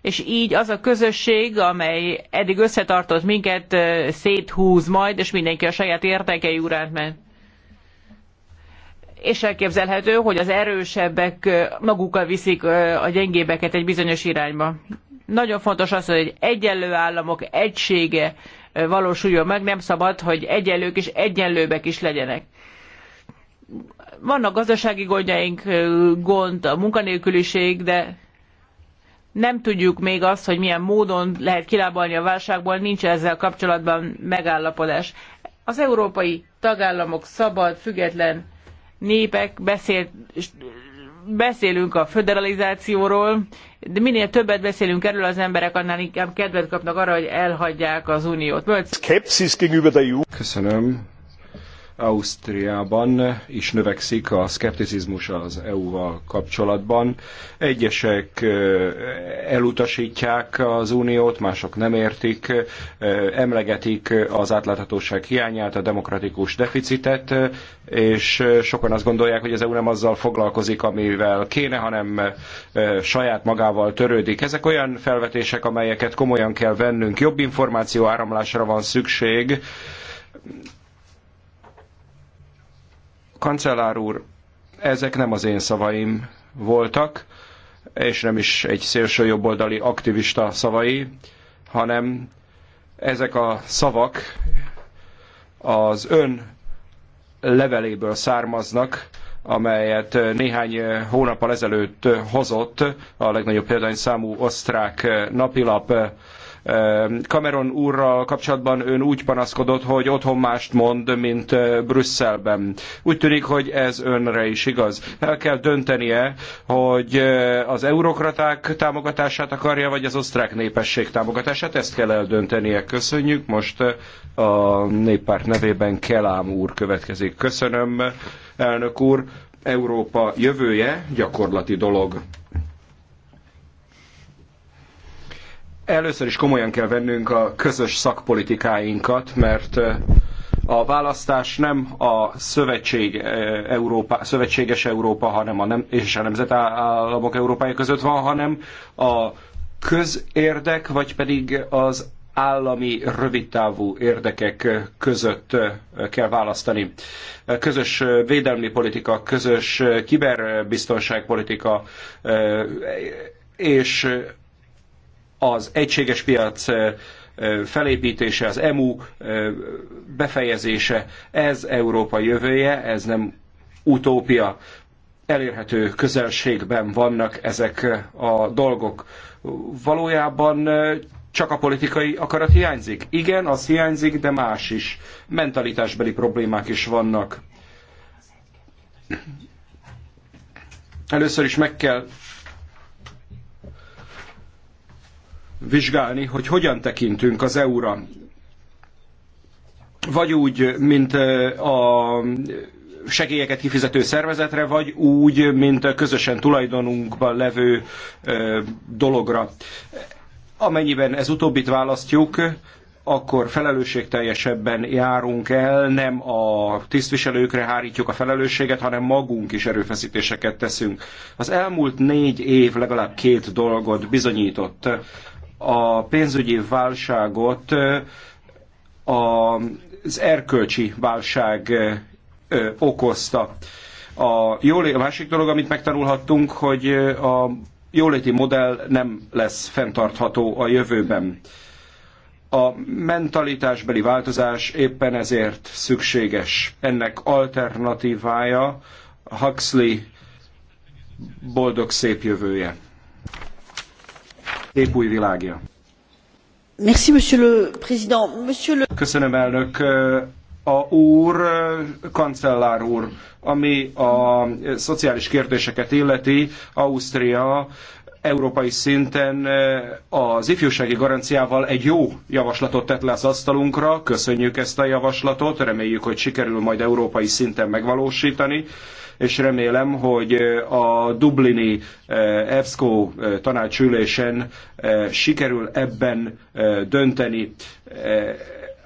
És így az a közösség, amely eddig összetartott minket, széthúz majd, és mindenki a saját értékei urán ment és elképzelhető, hogy az erősebbek magukkal viszik a gyengébeket egy bizonyos irányba. Nagyon fontos az, hogy egyenlő államok egysége valósuljon meg, nem szabad, hogy egyenlők és egyenlőbbek is legyenek. Vannak gazdasági gondjaink, gond a munkanélküliség, de nem tudjuk még azt, hogy milyen módon lehet kilábalni a válságból, nincs ezzel kapcsolatban megállapodás. Az európai tagállamok szabad, független népek beszél, beszélünk a föderalizációról, de minél többet beszélünk erről az emberek, annál inkább kedvet kapnak arra, hogy elhagyják az uniót. Köszönöm. Ausztriában is növekszik a szkepticizmus az EU-val kapcsolatban. Egyesek elutasítják az uniót, mások nem értik, emlegetik az átláthatóság hiányát, a demokratikus deficitet, és sokan azt gondolják, hogy az EU nem azzal foglalkozik, amivel kéne, hanem saját magával törődik. Ezek olyan felvetések, amelyeket komolyan kell vennünk. Jobb információ áramlásra van szükség, Kancellár úr, ezek nem az én szavaim voltak, és nem is egy szélső jobboldali aktivista szavai, hanem ezek a szavak az ön leveléből származnak, amelyet néhány hónappal ezelőtt hozott a legnagyobb példányszámú osztrák napilap Cameron úrral kapcsolatban ön úgy panaszkodott, hogy otthon mást mond, mint Brüsszelben. Úgy tűnik, hogy ez önre is igaz. El kell döntenie, hogy az eurokraták támogatását akarja, vagy az osztrák népesség támogatását. Ezt kell eldöntenie. Köszönjük. Most a néppárt nevében Kelám úr következik. Köszönöm, elnök úr. Európa jövője gyakorlati dolog. Először is komolyan kell vennünk a közös szakpolitikáinkat, mert a választás nem a szövetség Európa, szövetséges Európa, hanem a nem, és a nemzetállamok Európája között van, hanem a közérdek, vagy pedig az állami rövidtávú érdekek között kell választani. Közös védelmi politika, közös kiberbiztonságpolitika és az egységes piac felépítése, az EMU befejezése, ez Európa jövője, ez nem utópia. Elérhető közelségben vannak ezek a dolgok. Valójában csak a politikai akarat hiányzik. Igen, az hiányzik, de más is. Mentalitásbeli problémák is vannak. Először is meg kell vizsgálni, hogy hogyan tekintünk az EU-ra. Vagy úgy, mint a segélyeket kifizető szervezetre, vagy úgy, mint a közösen tulajdonunkban levő dologra. Amennyiben ez utóbbit választjuk, akkor felelősségteljesebben járunk el, nem a tisztviselőkre hárítjuk a felelősséget, hanem magunk is erőfeszítéseket teszünk. Az elmúlt négy év legalább két dolgot bizonyított a pénzügyi válságot az erkölcsi válság okozta. A, jól a másik dolog, amit megtanulhattunk, hogy a jóléti modell nem lesz fenntartható a jövőben. A mentalitásbeli változás éppen ezért szükséges. Ennek alternatívája Huxley boldog szép jövője. Épp új világja. Merci, monsieur le président. Köszönöm, elnök a úr, kancellár úr, ami a szociális kérdéseket illeti, Ausztria európai szinten az ifjúsági garanciával egy jó javaslatot tett le az asztalunkra. Köszönjük ezt a javaslatot, reméljük, hogy sikerül majd európai szinten megvalósítani és remélem, hogy a Dublini EFSCO tanácsülésen sikerül ebben dönteni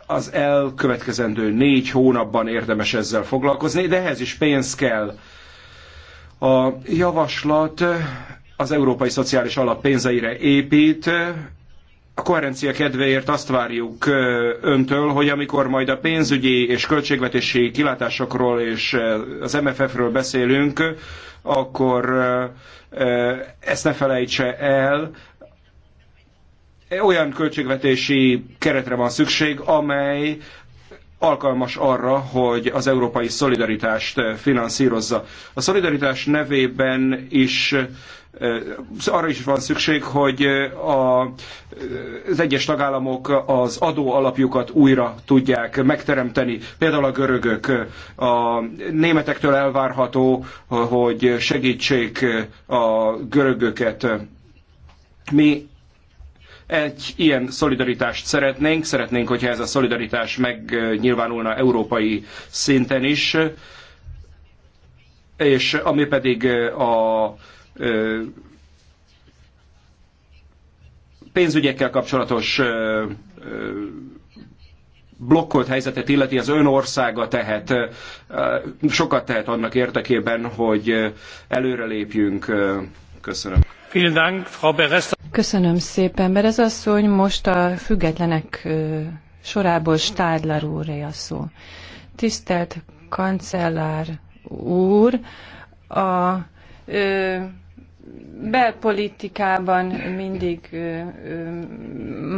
az elkövetkezendő négy hónapban érdemes ezzel foglalkozni, de ehhez is pénz kell. A javaslat az Európai Szociális Alap pénzeire épít, a koherencia kedvéért azt várjuk öntől, hogy amikor majd a pénzügyi és költségvetési kilátásokról és az MFF-ről beszélünk, akkor ezt ne felejtse el, olyan költségvetési keretre van szükség, amely alkalmas arra, hogy az európai szolidaritást finanszírozza. A szolidaritás nevében is arra is van szükség, hogy a, az egyes tagállamok az adó alapjukat újra tudják megteremteni. Például a görögök, a németektől elvárható, hogy segítsék a görögöket. Mi egy ilyen szolidaritást szeretnénk, szeretnénk, hogyha ez a szolidaritás megnyilvánulna európai szinten is, és ami pedig a pénzügyekkel kapcsolatos blokkolt helyzetet illeti, az ön országa tehet, sokat tehet annak érdekében, hogy előrelépjünk. Köszönöm. Köszönöm szépen, Berez asszony. Most a függetlenek sorából Stádler úré a szó. Tisztelt kancellár úr, a ö, belpolitikában mindig ö,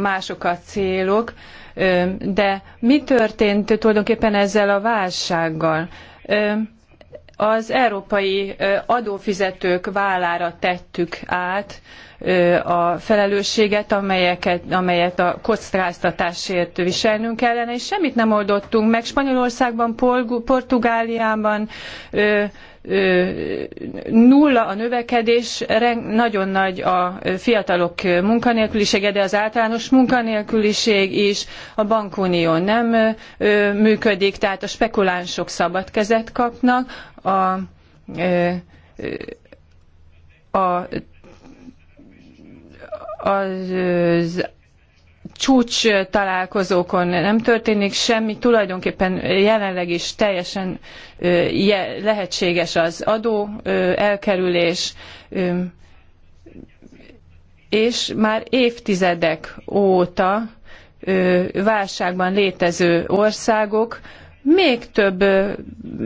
mások a célok, ö, de mi történt tulajdonképpen ezzel a válsággal? Ö, az európai adófizetők vállára tettük át a felelősséget, amelyeket, amelyet a kockáztatásért viselnünk kellene, és semmit nem oldottunk meg. Spanyolországban, Portugáliában nulla a növekedés, nagyon nagy a fiatalok munkanélkülisége, de az általános munkanélküliség is, a bankunió nem működik, tehát a spekulánsok szabad kezet kapnak, a, a az csúcs találkozókon nem történik semmi, tulajdonképpen jelenleg is teljesen lehetséges az adó elkerülés, és már évtizedek óta válságban létező országok még több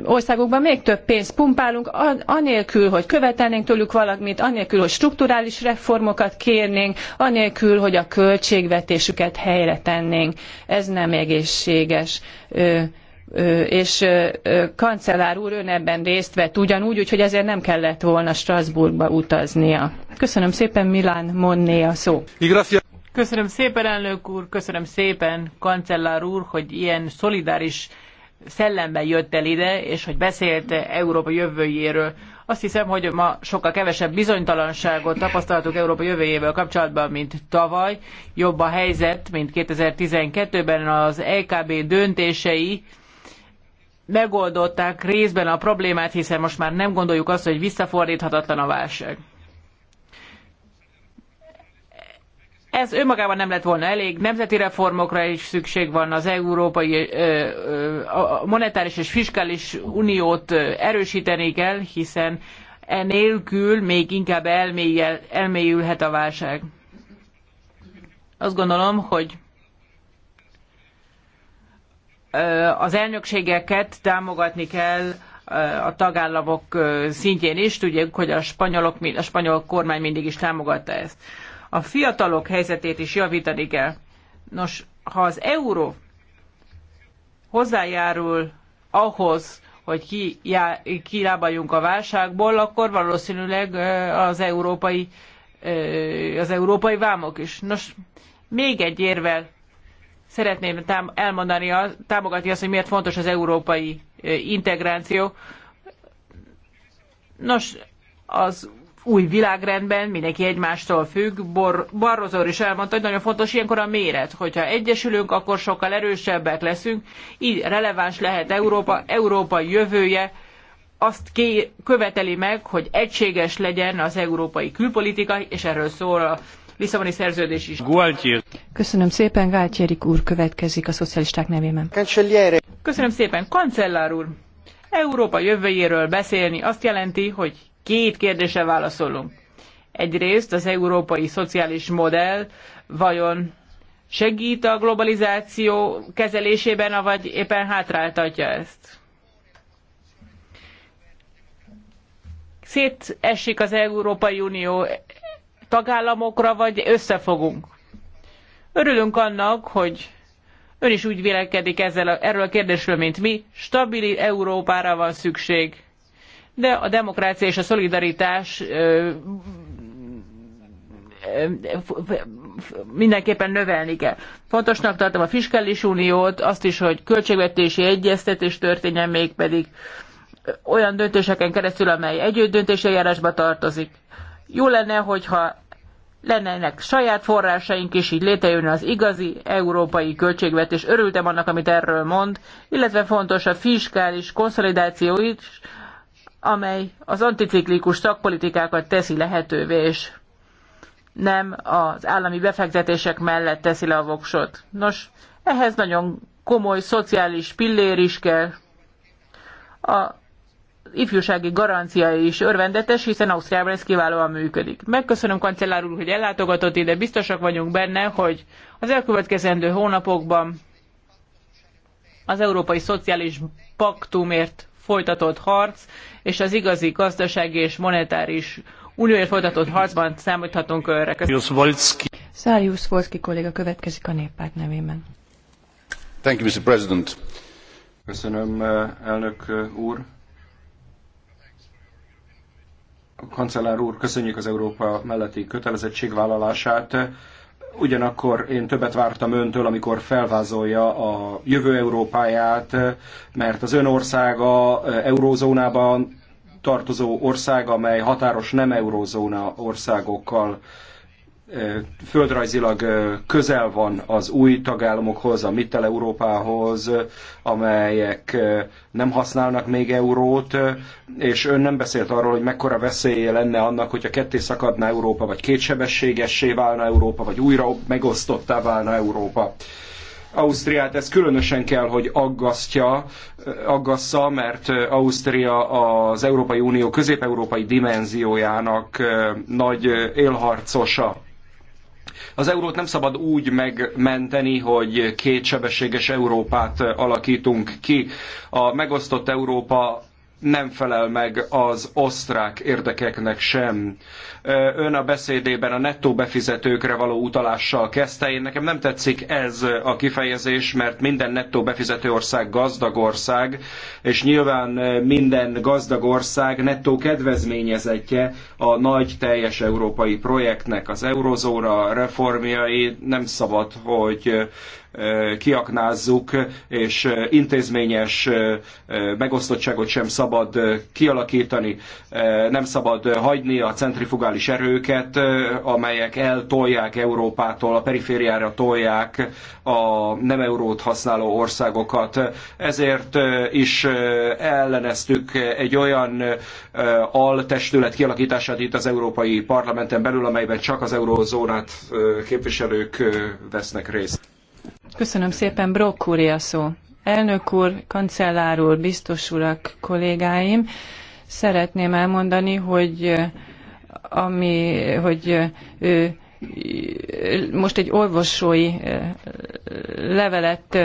országokban még több pénzt pumpálunk, anélkül, hogy követelnénk tőlük valamit, anélkül, hogy strukturális reformokat kérnénk, anélkül, hogy a költségvetésüket helyre tennénk. Ez nem egészséges. és kancellár úr ön ebben részt vett ugyanúgy, úgyhogy ezért nem kellett volna Strasbourgba utaznia. Köszönöm szépen, Milán Monné a szó. Köszönöm szépen, elnök úr, köszönöm szépen, kancellár úr, hogy ilyen szolidáris szellemben jött el ide, és hogy beszélt Európa jövőjéről. Azt hiszem, hogy ma sokkal kevesebb bizonytalanságot tapasztaltuk Európa jövőjével kapcsolatban, mint tavaly. Jobb a helyzet, mint 2012-ben az LKB e döntései megoldották részben a problémát, hiszen most már nem gondoljuk azt, hogy visszafordíthatatlan a válság. Ez önmagában nem lett volna elég, nemzeti reformokra is szükség van, az európai a monetáris és fiskális uniót erősíteni kell, hiszen enélkül még inkább elmélyel, elmélyülhet a válság. Azt gondolom, hogy az elnökségeket támogatni kell a tagállamok szintjén is. Tudjuk, hogy a, spanyolok, a spanyol kormány mindig is támogatta ezt a fiatalok helyzetét is javítani kell. Nos, ha az euró hozzájárul ahhoz, hogy ki, kilábaljunk a válságból, akkor valószínűleg az európai, az európai vámok is. Nos, még egy érvel szeretném tám- elmondani, a, támogatni azt, hogy miért fontos az európai integráció. Nos, az új világrendben mindenki egymástól függ. Bor, Barrozor is elmondta, hogy nagyon fontos ilyenkor a méret. Hogyha egyesülünk, akkor sokkal erősebbek leszünk, így releváns lehet Európa, Európa jövője, azt ké, követeli meg, hogy egységes legyen az európai külpolitika, és erről szól a Lisszaboni szerződés is. Gualtier. Köszönöm szépen, Gáltyérik úr következik a szocialisták nevében. Köszönöm szépen, kancellár úr. Európa jövőjéről beszélni azt jelenti, hogy Két kérdése válaszolunk. Egyrészt az európai szociális modell vajon segít a globalizáció kezelésében, vagy éppen hátráltatja ezt? Szétesik az Európai Unió tagállamokra, vagy összefogunk? Örülünk annak, hogy ön is úgy vélekedik ezzel a, erről a kérdésről, mint mi. Stabil Európára van szükség de a demokrácia és a szolidaritás mindenképpen növelni kell. Fontosnak tartom a fiskális uniót, azt is, hogy költségvetési egyeztetés történjen még pedig olyan döntéseken keresztül, amely együtt döntési eljárásba tartozik. Jó lenne, hogyha lennének saját forrásaink is, így létrejönne az igazi európai költségvetés. Örültem annak, amit erről mond, illetve fontos a fiskális konszolidáció is, amely az anticiklikus szakpolitikákat teszi lehetővé, és nem az állami befektetések mellett teszi le a voksot. Nos, ehhez nagyon komoly szociális pillér is kell. A ifjúsági garancia is örvendetes, hiszen Ausztriában ez kiválóan működik. Megköszönöm kancellár úr, hogy ellátogatott ide, biztosak vagyunk benne, hogy az elkövetkezendő hónapokban az Európai Szociális Paktumért folytatott harc és az igazi gazdasági és monetáris unióért folytatott harcban számíthatunk önre. Szárius Volszki kolléga következik a néppárt nevében. Thank you, Mr. President. Köszönöm, eh, elnök eh, úr. Kancellár úr, köszönjük az Európa melletti kötelezettségvállalását Ugyanakkor én többet vártam öntől, amikor felvázolja a jövő Európáját, mert az ön országa eh, eurózónában tartozó ország, amely határos nem eurózóna országokkal földrajzilag közel van az új tagállamokhoz, a Mittel-Európához, amelyek nem használnak még eurót, és ön nem beszélt arról, hogy mekkora veszélye lenne annak, hogyha ketté szakadna Európa, vagy kétsebességessé válna Európa, vagy újra megosztottá válna Európa. Ausztriát ez különösen kell, hogy aggasztja, aggassza, mert Ausztria az Európai Unió közép-európai dimenziójának nagy élharcosa. Az eurót nem szabad úgy megmenteni, hogy kétsebességes Európát alakítunk ki. A megosztott Európa nem felel meg az osztrák érdekeknek sem. Ön a beszédében a nettó befizetőkre való utalással kezdte. Én nekem nem tetszik ez a kifejezés, mert minden nettó befizető ország gazdag ország, és nyilván minden gazdag ország nettó kedvezményezetje a nagy teljes európai projektnek. Az eurozóra reformjai nem szabad, hogy kiaknázzuk, és intézményes megosztottságot sem szabad kialakítani, nem szabad hagyni a centrifugális erőket, amelyek eltolják Európától, a perifériára tolják a nem eurót használó országokat. Ezért is elleneztük egy olyan altestület kialakítását itt az Európai Parlamenten belül, amelyben csak az eurózónát képviselők vesznek részt. Köszönöm szépen, Brock úr a szó. Elnök úr, kancellár úr, biztos urak, kollégáim, szeretném elmondani, hogy ami, hogy ő, most egy orvosói levelet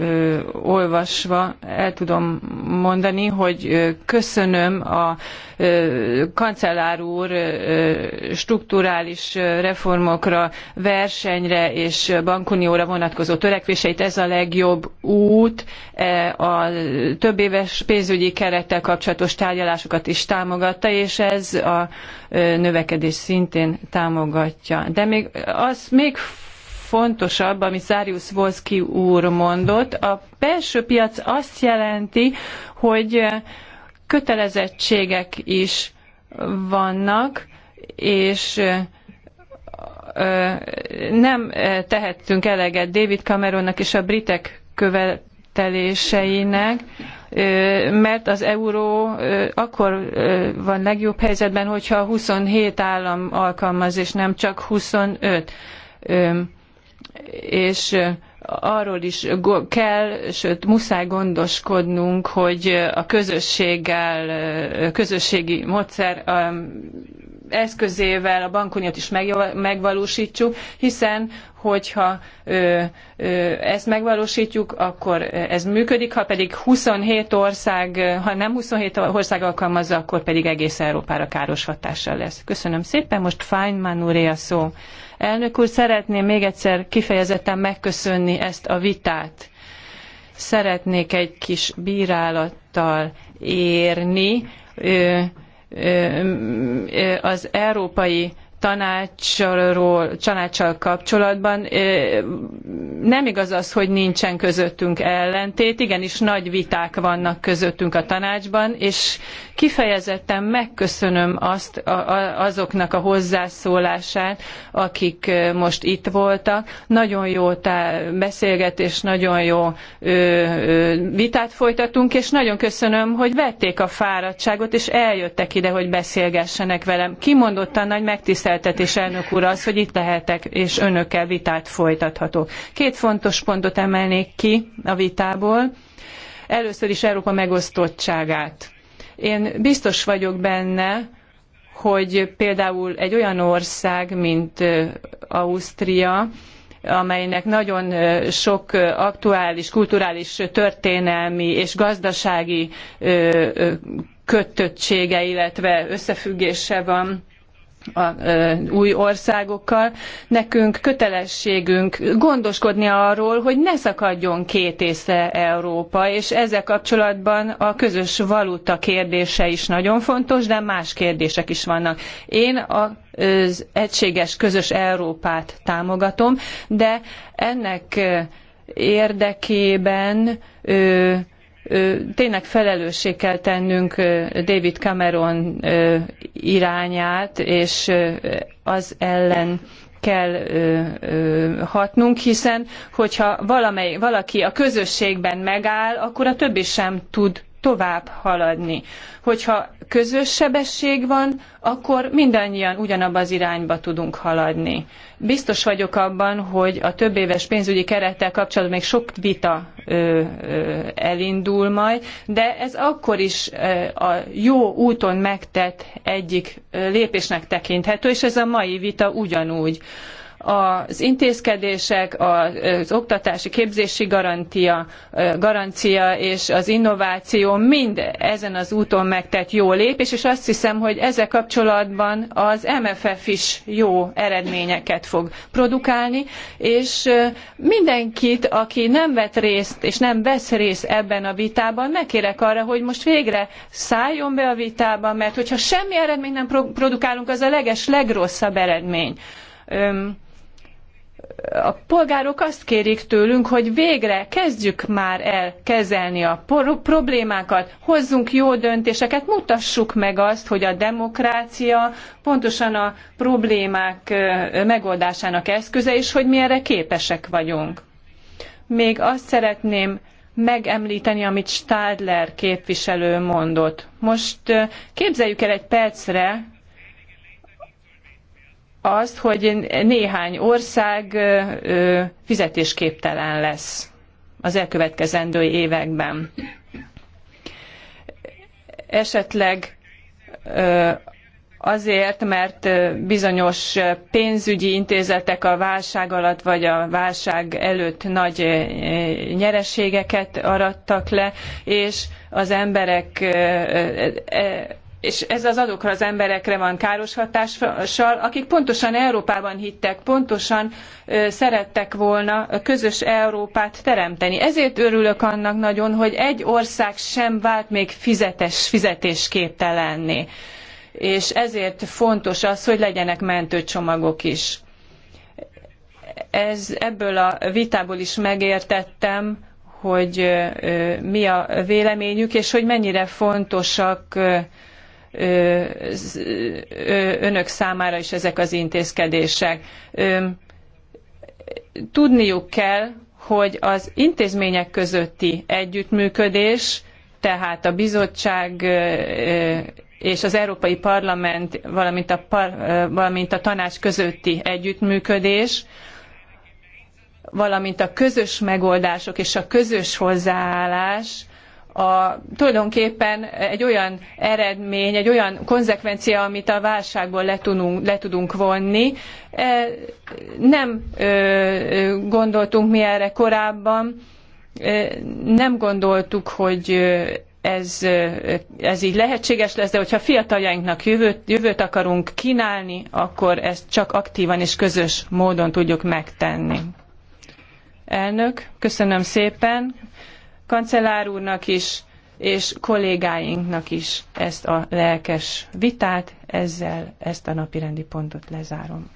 ö, olvasva el tudom mondani, hogy ö, köszönöm a ö, kancellár úr ö, strukturális reformokra, versenyre és bankunióra vonatkozó törekvéseit. Ez a legjobb út. E, a több éves pénzügyi kerettel kapcsolatos tárgyalásokat is támogatta, és ez a növekedés szintén támogatja. De még az még fontosabb, amit Zárius Volszki úr mondott. A belső piac azt jelenti, hogy kötelezettségek is vannak, és nem tehettünk eleget David Cameronnak és a britek követeléseinek, mert az euró akkor van legjobb helyzetben, hogyha 27 állam alkalmaz, és nem csak 25 és arról is kell, sőt muszáj gondoskodnunk, hogy a közösséggel, közösségi módszer eszközével a bankuniót is megvalósítsuk, hiszen hogyha ö, ö, ezt megvalósítjuk, akkor ez működik, ha pedig 27 ország, ha nem 27 ország alkalmazza, akkor pedig egész Európára káros hatással lesz. Köszönöm szépen, most Feynman úré a szó. Elnök úr, szeretném még egyszer kifejezetten megköszönni ezt a vitát. Szeretnék egy kis bírálattal érni. Ö, az európai tanácsról, tanácssal kapcsolatban nem igaz az, hogy nincsen közöttünk ellentét, igenis nagy viták vannak közöttünk a tanácsban, és kifejezetten megköszönöm azt azoknak a hozzászólását, akik most itt voltak. Nagyon jó beszélgetés, nagyon jó vitát folytatunk, és nagyon köszönöm, hogy vették a fáradtságot, és eljöttek ide, hogy beszélgessenek velem. Kimondottan nagy megtiszteltetés és elnök úr, az, hogy itt lehetek, és önökkel vitát folytathatok. Két fontos pontot emelnék ki a vitából. Először is Európa megosztottságát. Én biztos vagyok benne, hogy például egy olyan ország, mint Ausztria, amelynek nagyon sok aktuális, kulturális, történelmi és gazdasági kötöttsége, illetve összefüggése van a új országokkal, nekünk kötelességünk gondoskodni arról, hogy ne szakadjon két észre Európa, és ezzel kapcsolatban a közös valuta kérdése is nagyon fontos, de más kérdések is vannak. Én az egységes közös Európát támogatom, de ennek érdekében tényleg felelőssé kell tennünk David Cameron irányát, és az ellen kell ö, ö, hatnunk, hiszen hogyha valamely, valaki a közösségben megáll, akkor a többi sem tud tovább haladni. Hogyha közös sebesség van, akkor mindannyian ugyanabba az irányba tudunk haladni. Biztos vagyok abban, hogy a több éves pénzügyi kerettel kapcsolatban még sok vita ö, ö, elindul majd, de ez akkor is ö, a jó úton megtett egyik lépésnek tekinthető, és ez a mai vita ugyanúgy az intézkedések, az oktatási képzési garantia, garancia és az innováció mind ezen az úton megtett jó lépés, és azt hiszem, hogy ezzel kapcsolatban az MFF is jó eredményeket fog produkálni, és mindenkit, aki nem vett részt és nem vesz részt ebben a vitában, megkérek arra, hogy most végre szálljon be a vitába, mert hogyha semmi eredményt nem produkálunk, az a leges legrosszabb eredmény a polgárok azt kérik tőlünk, hogy végre kezdjük már el kezelni a problémákat, hozzunk jó döntéseket, mutassuk meg azt, hogy a demokrácia pontosan a problémák megoldásának eszköze, és hogy mi erre képesek vagyunk. Még azt szeretném megemlíteni, amit Stadler képviselő mondott. Most képzeljük el egy percre, azt, hogy néhány ország fizetésképtelen lesz az elkövetkezendő években. Esetleg azért, mert bizonyos pénzügyi intézetek a válság alatt vagy a válság előtt nagy nyereségeket arattak le, és az emberek és ez az azokra az emberekre van káros hatással, akik pontosan Európában hittek, pontosan szerettek volna közös Európát teremteni. Ezért örülök annak nagyon, hogy egy ország sem vált még fizetes, fizetésképtelenné. És ezért fontos az, hogy legyenek mentőcsomagok is. Ez, ebből a vitából is megértettem, hogy mi a véleményük, és hogy mennyire fontosak önök számára is ezek az intézkedések. Tudniuk kell, hogy az intézmények közötti együttműködés, tehát a bizottság és az Európai Parlament, valamint a, valamint a tanács közötti együttműködés, valamint a közös megoldások és a közös hozzáállás a, tulajdonképpen egy olyan eredmény, egy olyan konzekvencia, amit a válságból le tudunk, le tudunk vonni. E, nem gondoltunk mi erre korábban, e, nem gondoltuk, hogy ez, ez így lehetséges lesz, de hogyha fiataljainknak jövőt, jövőt akarunk kínálni, akkor ezt csak aktívan és közös módon tudjuk megtenni. Elnök, köszönöm szépen kancellár úrnak is, és kollégáinknak is ezt a lelkes vitát, ezzel ezt a napirendi pontot lezárom.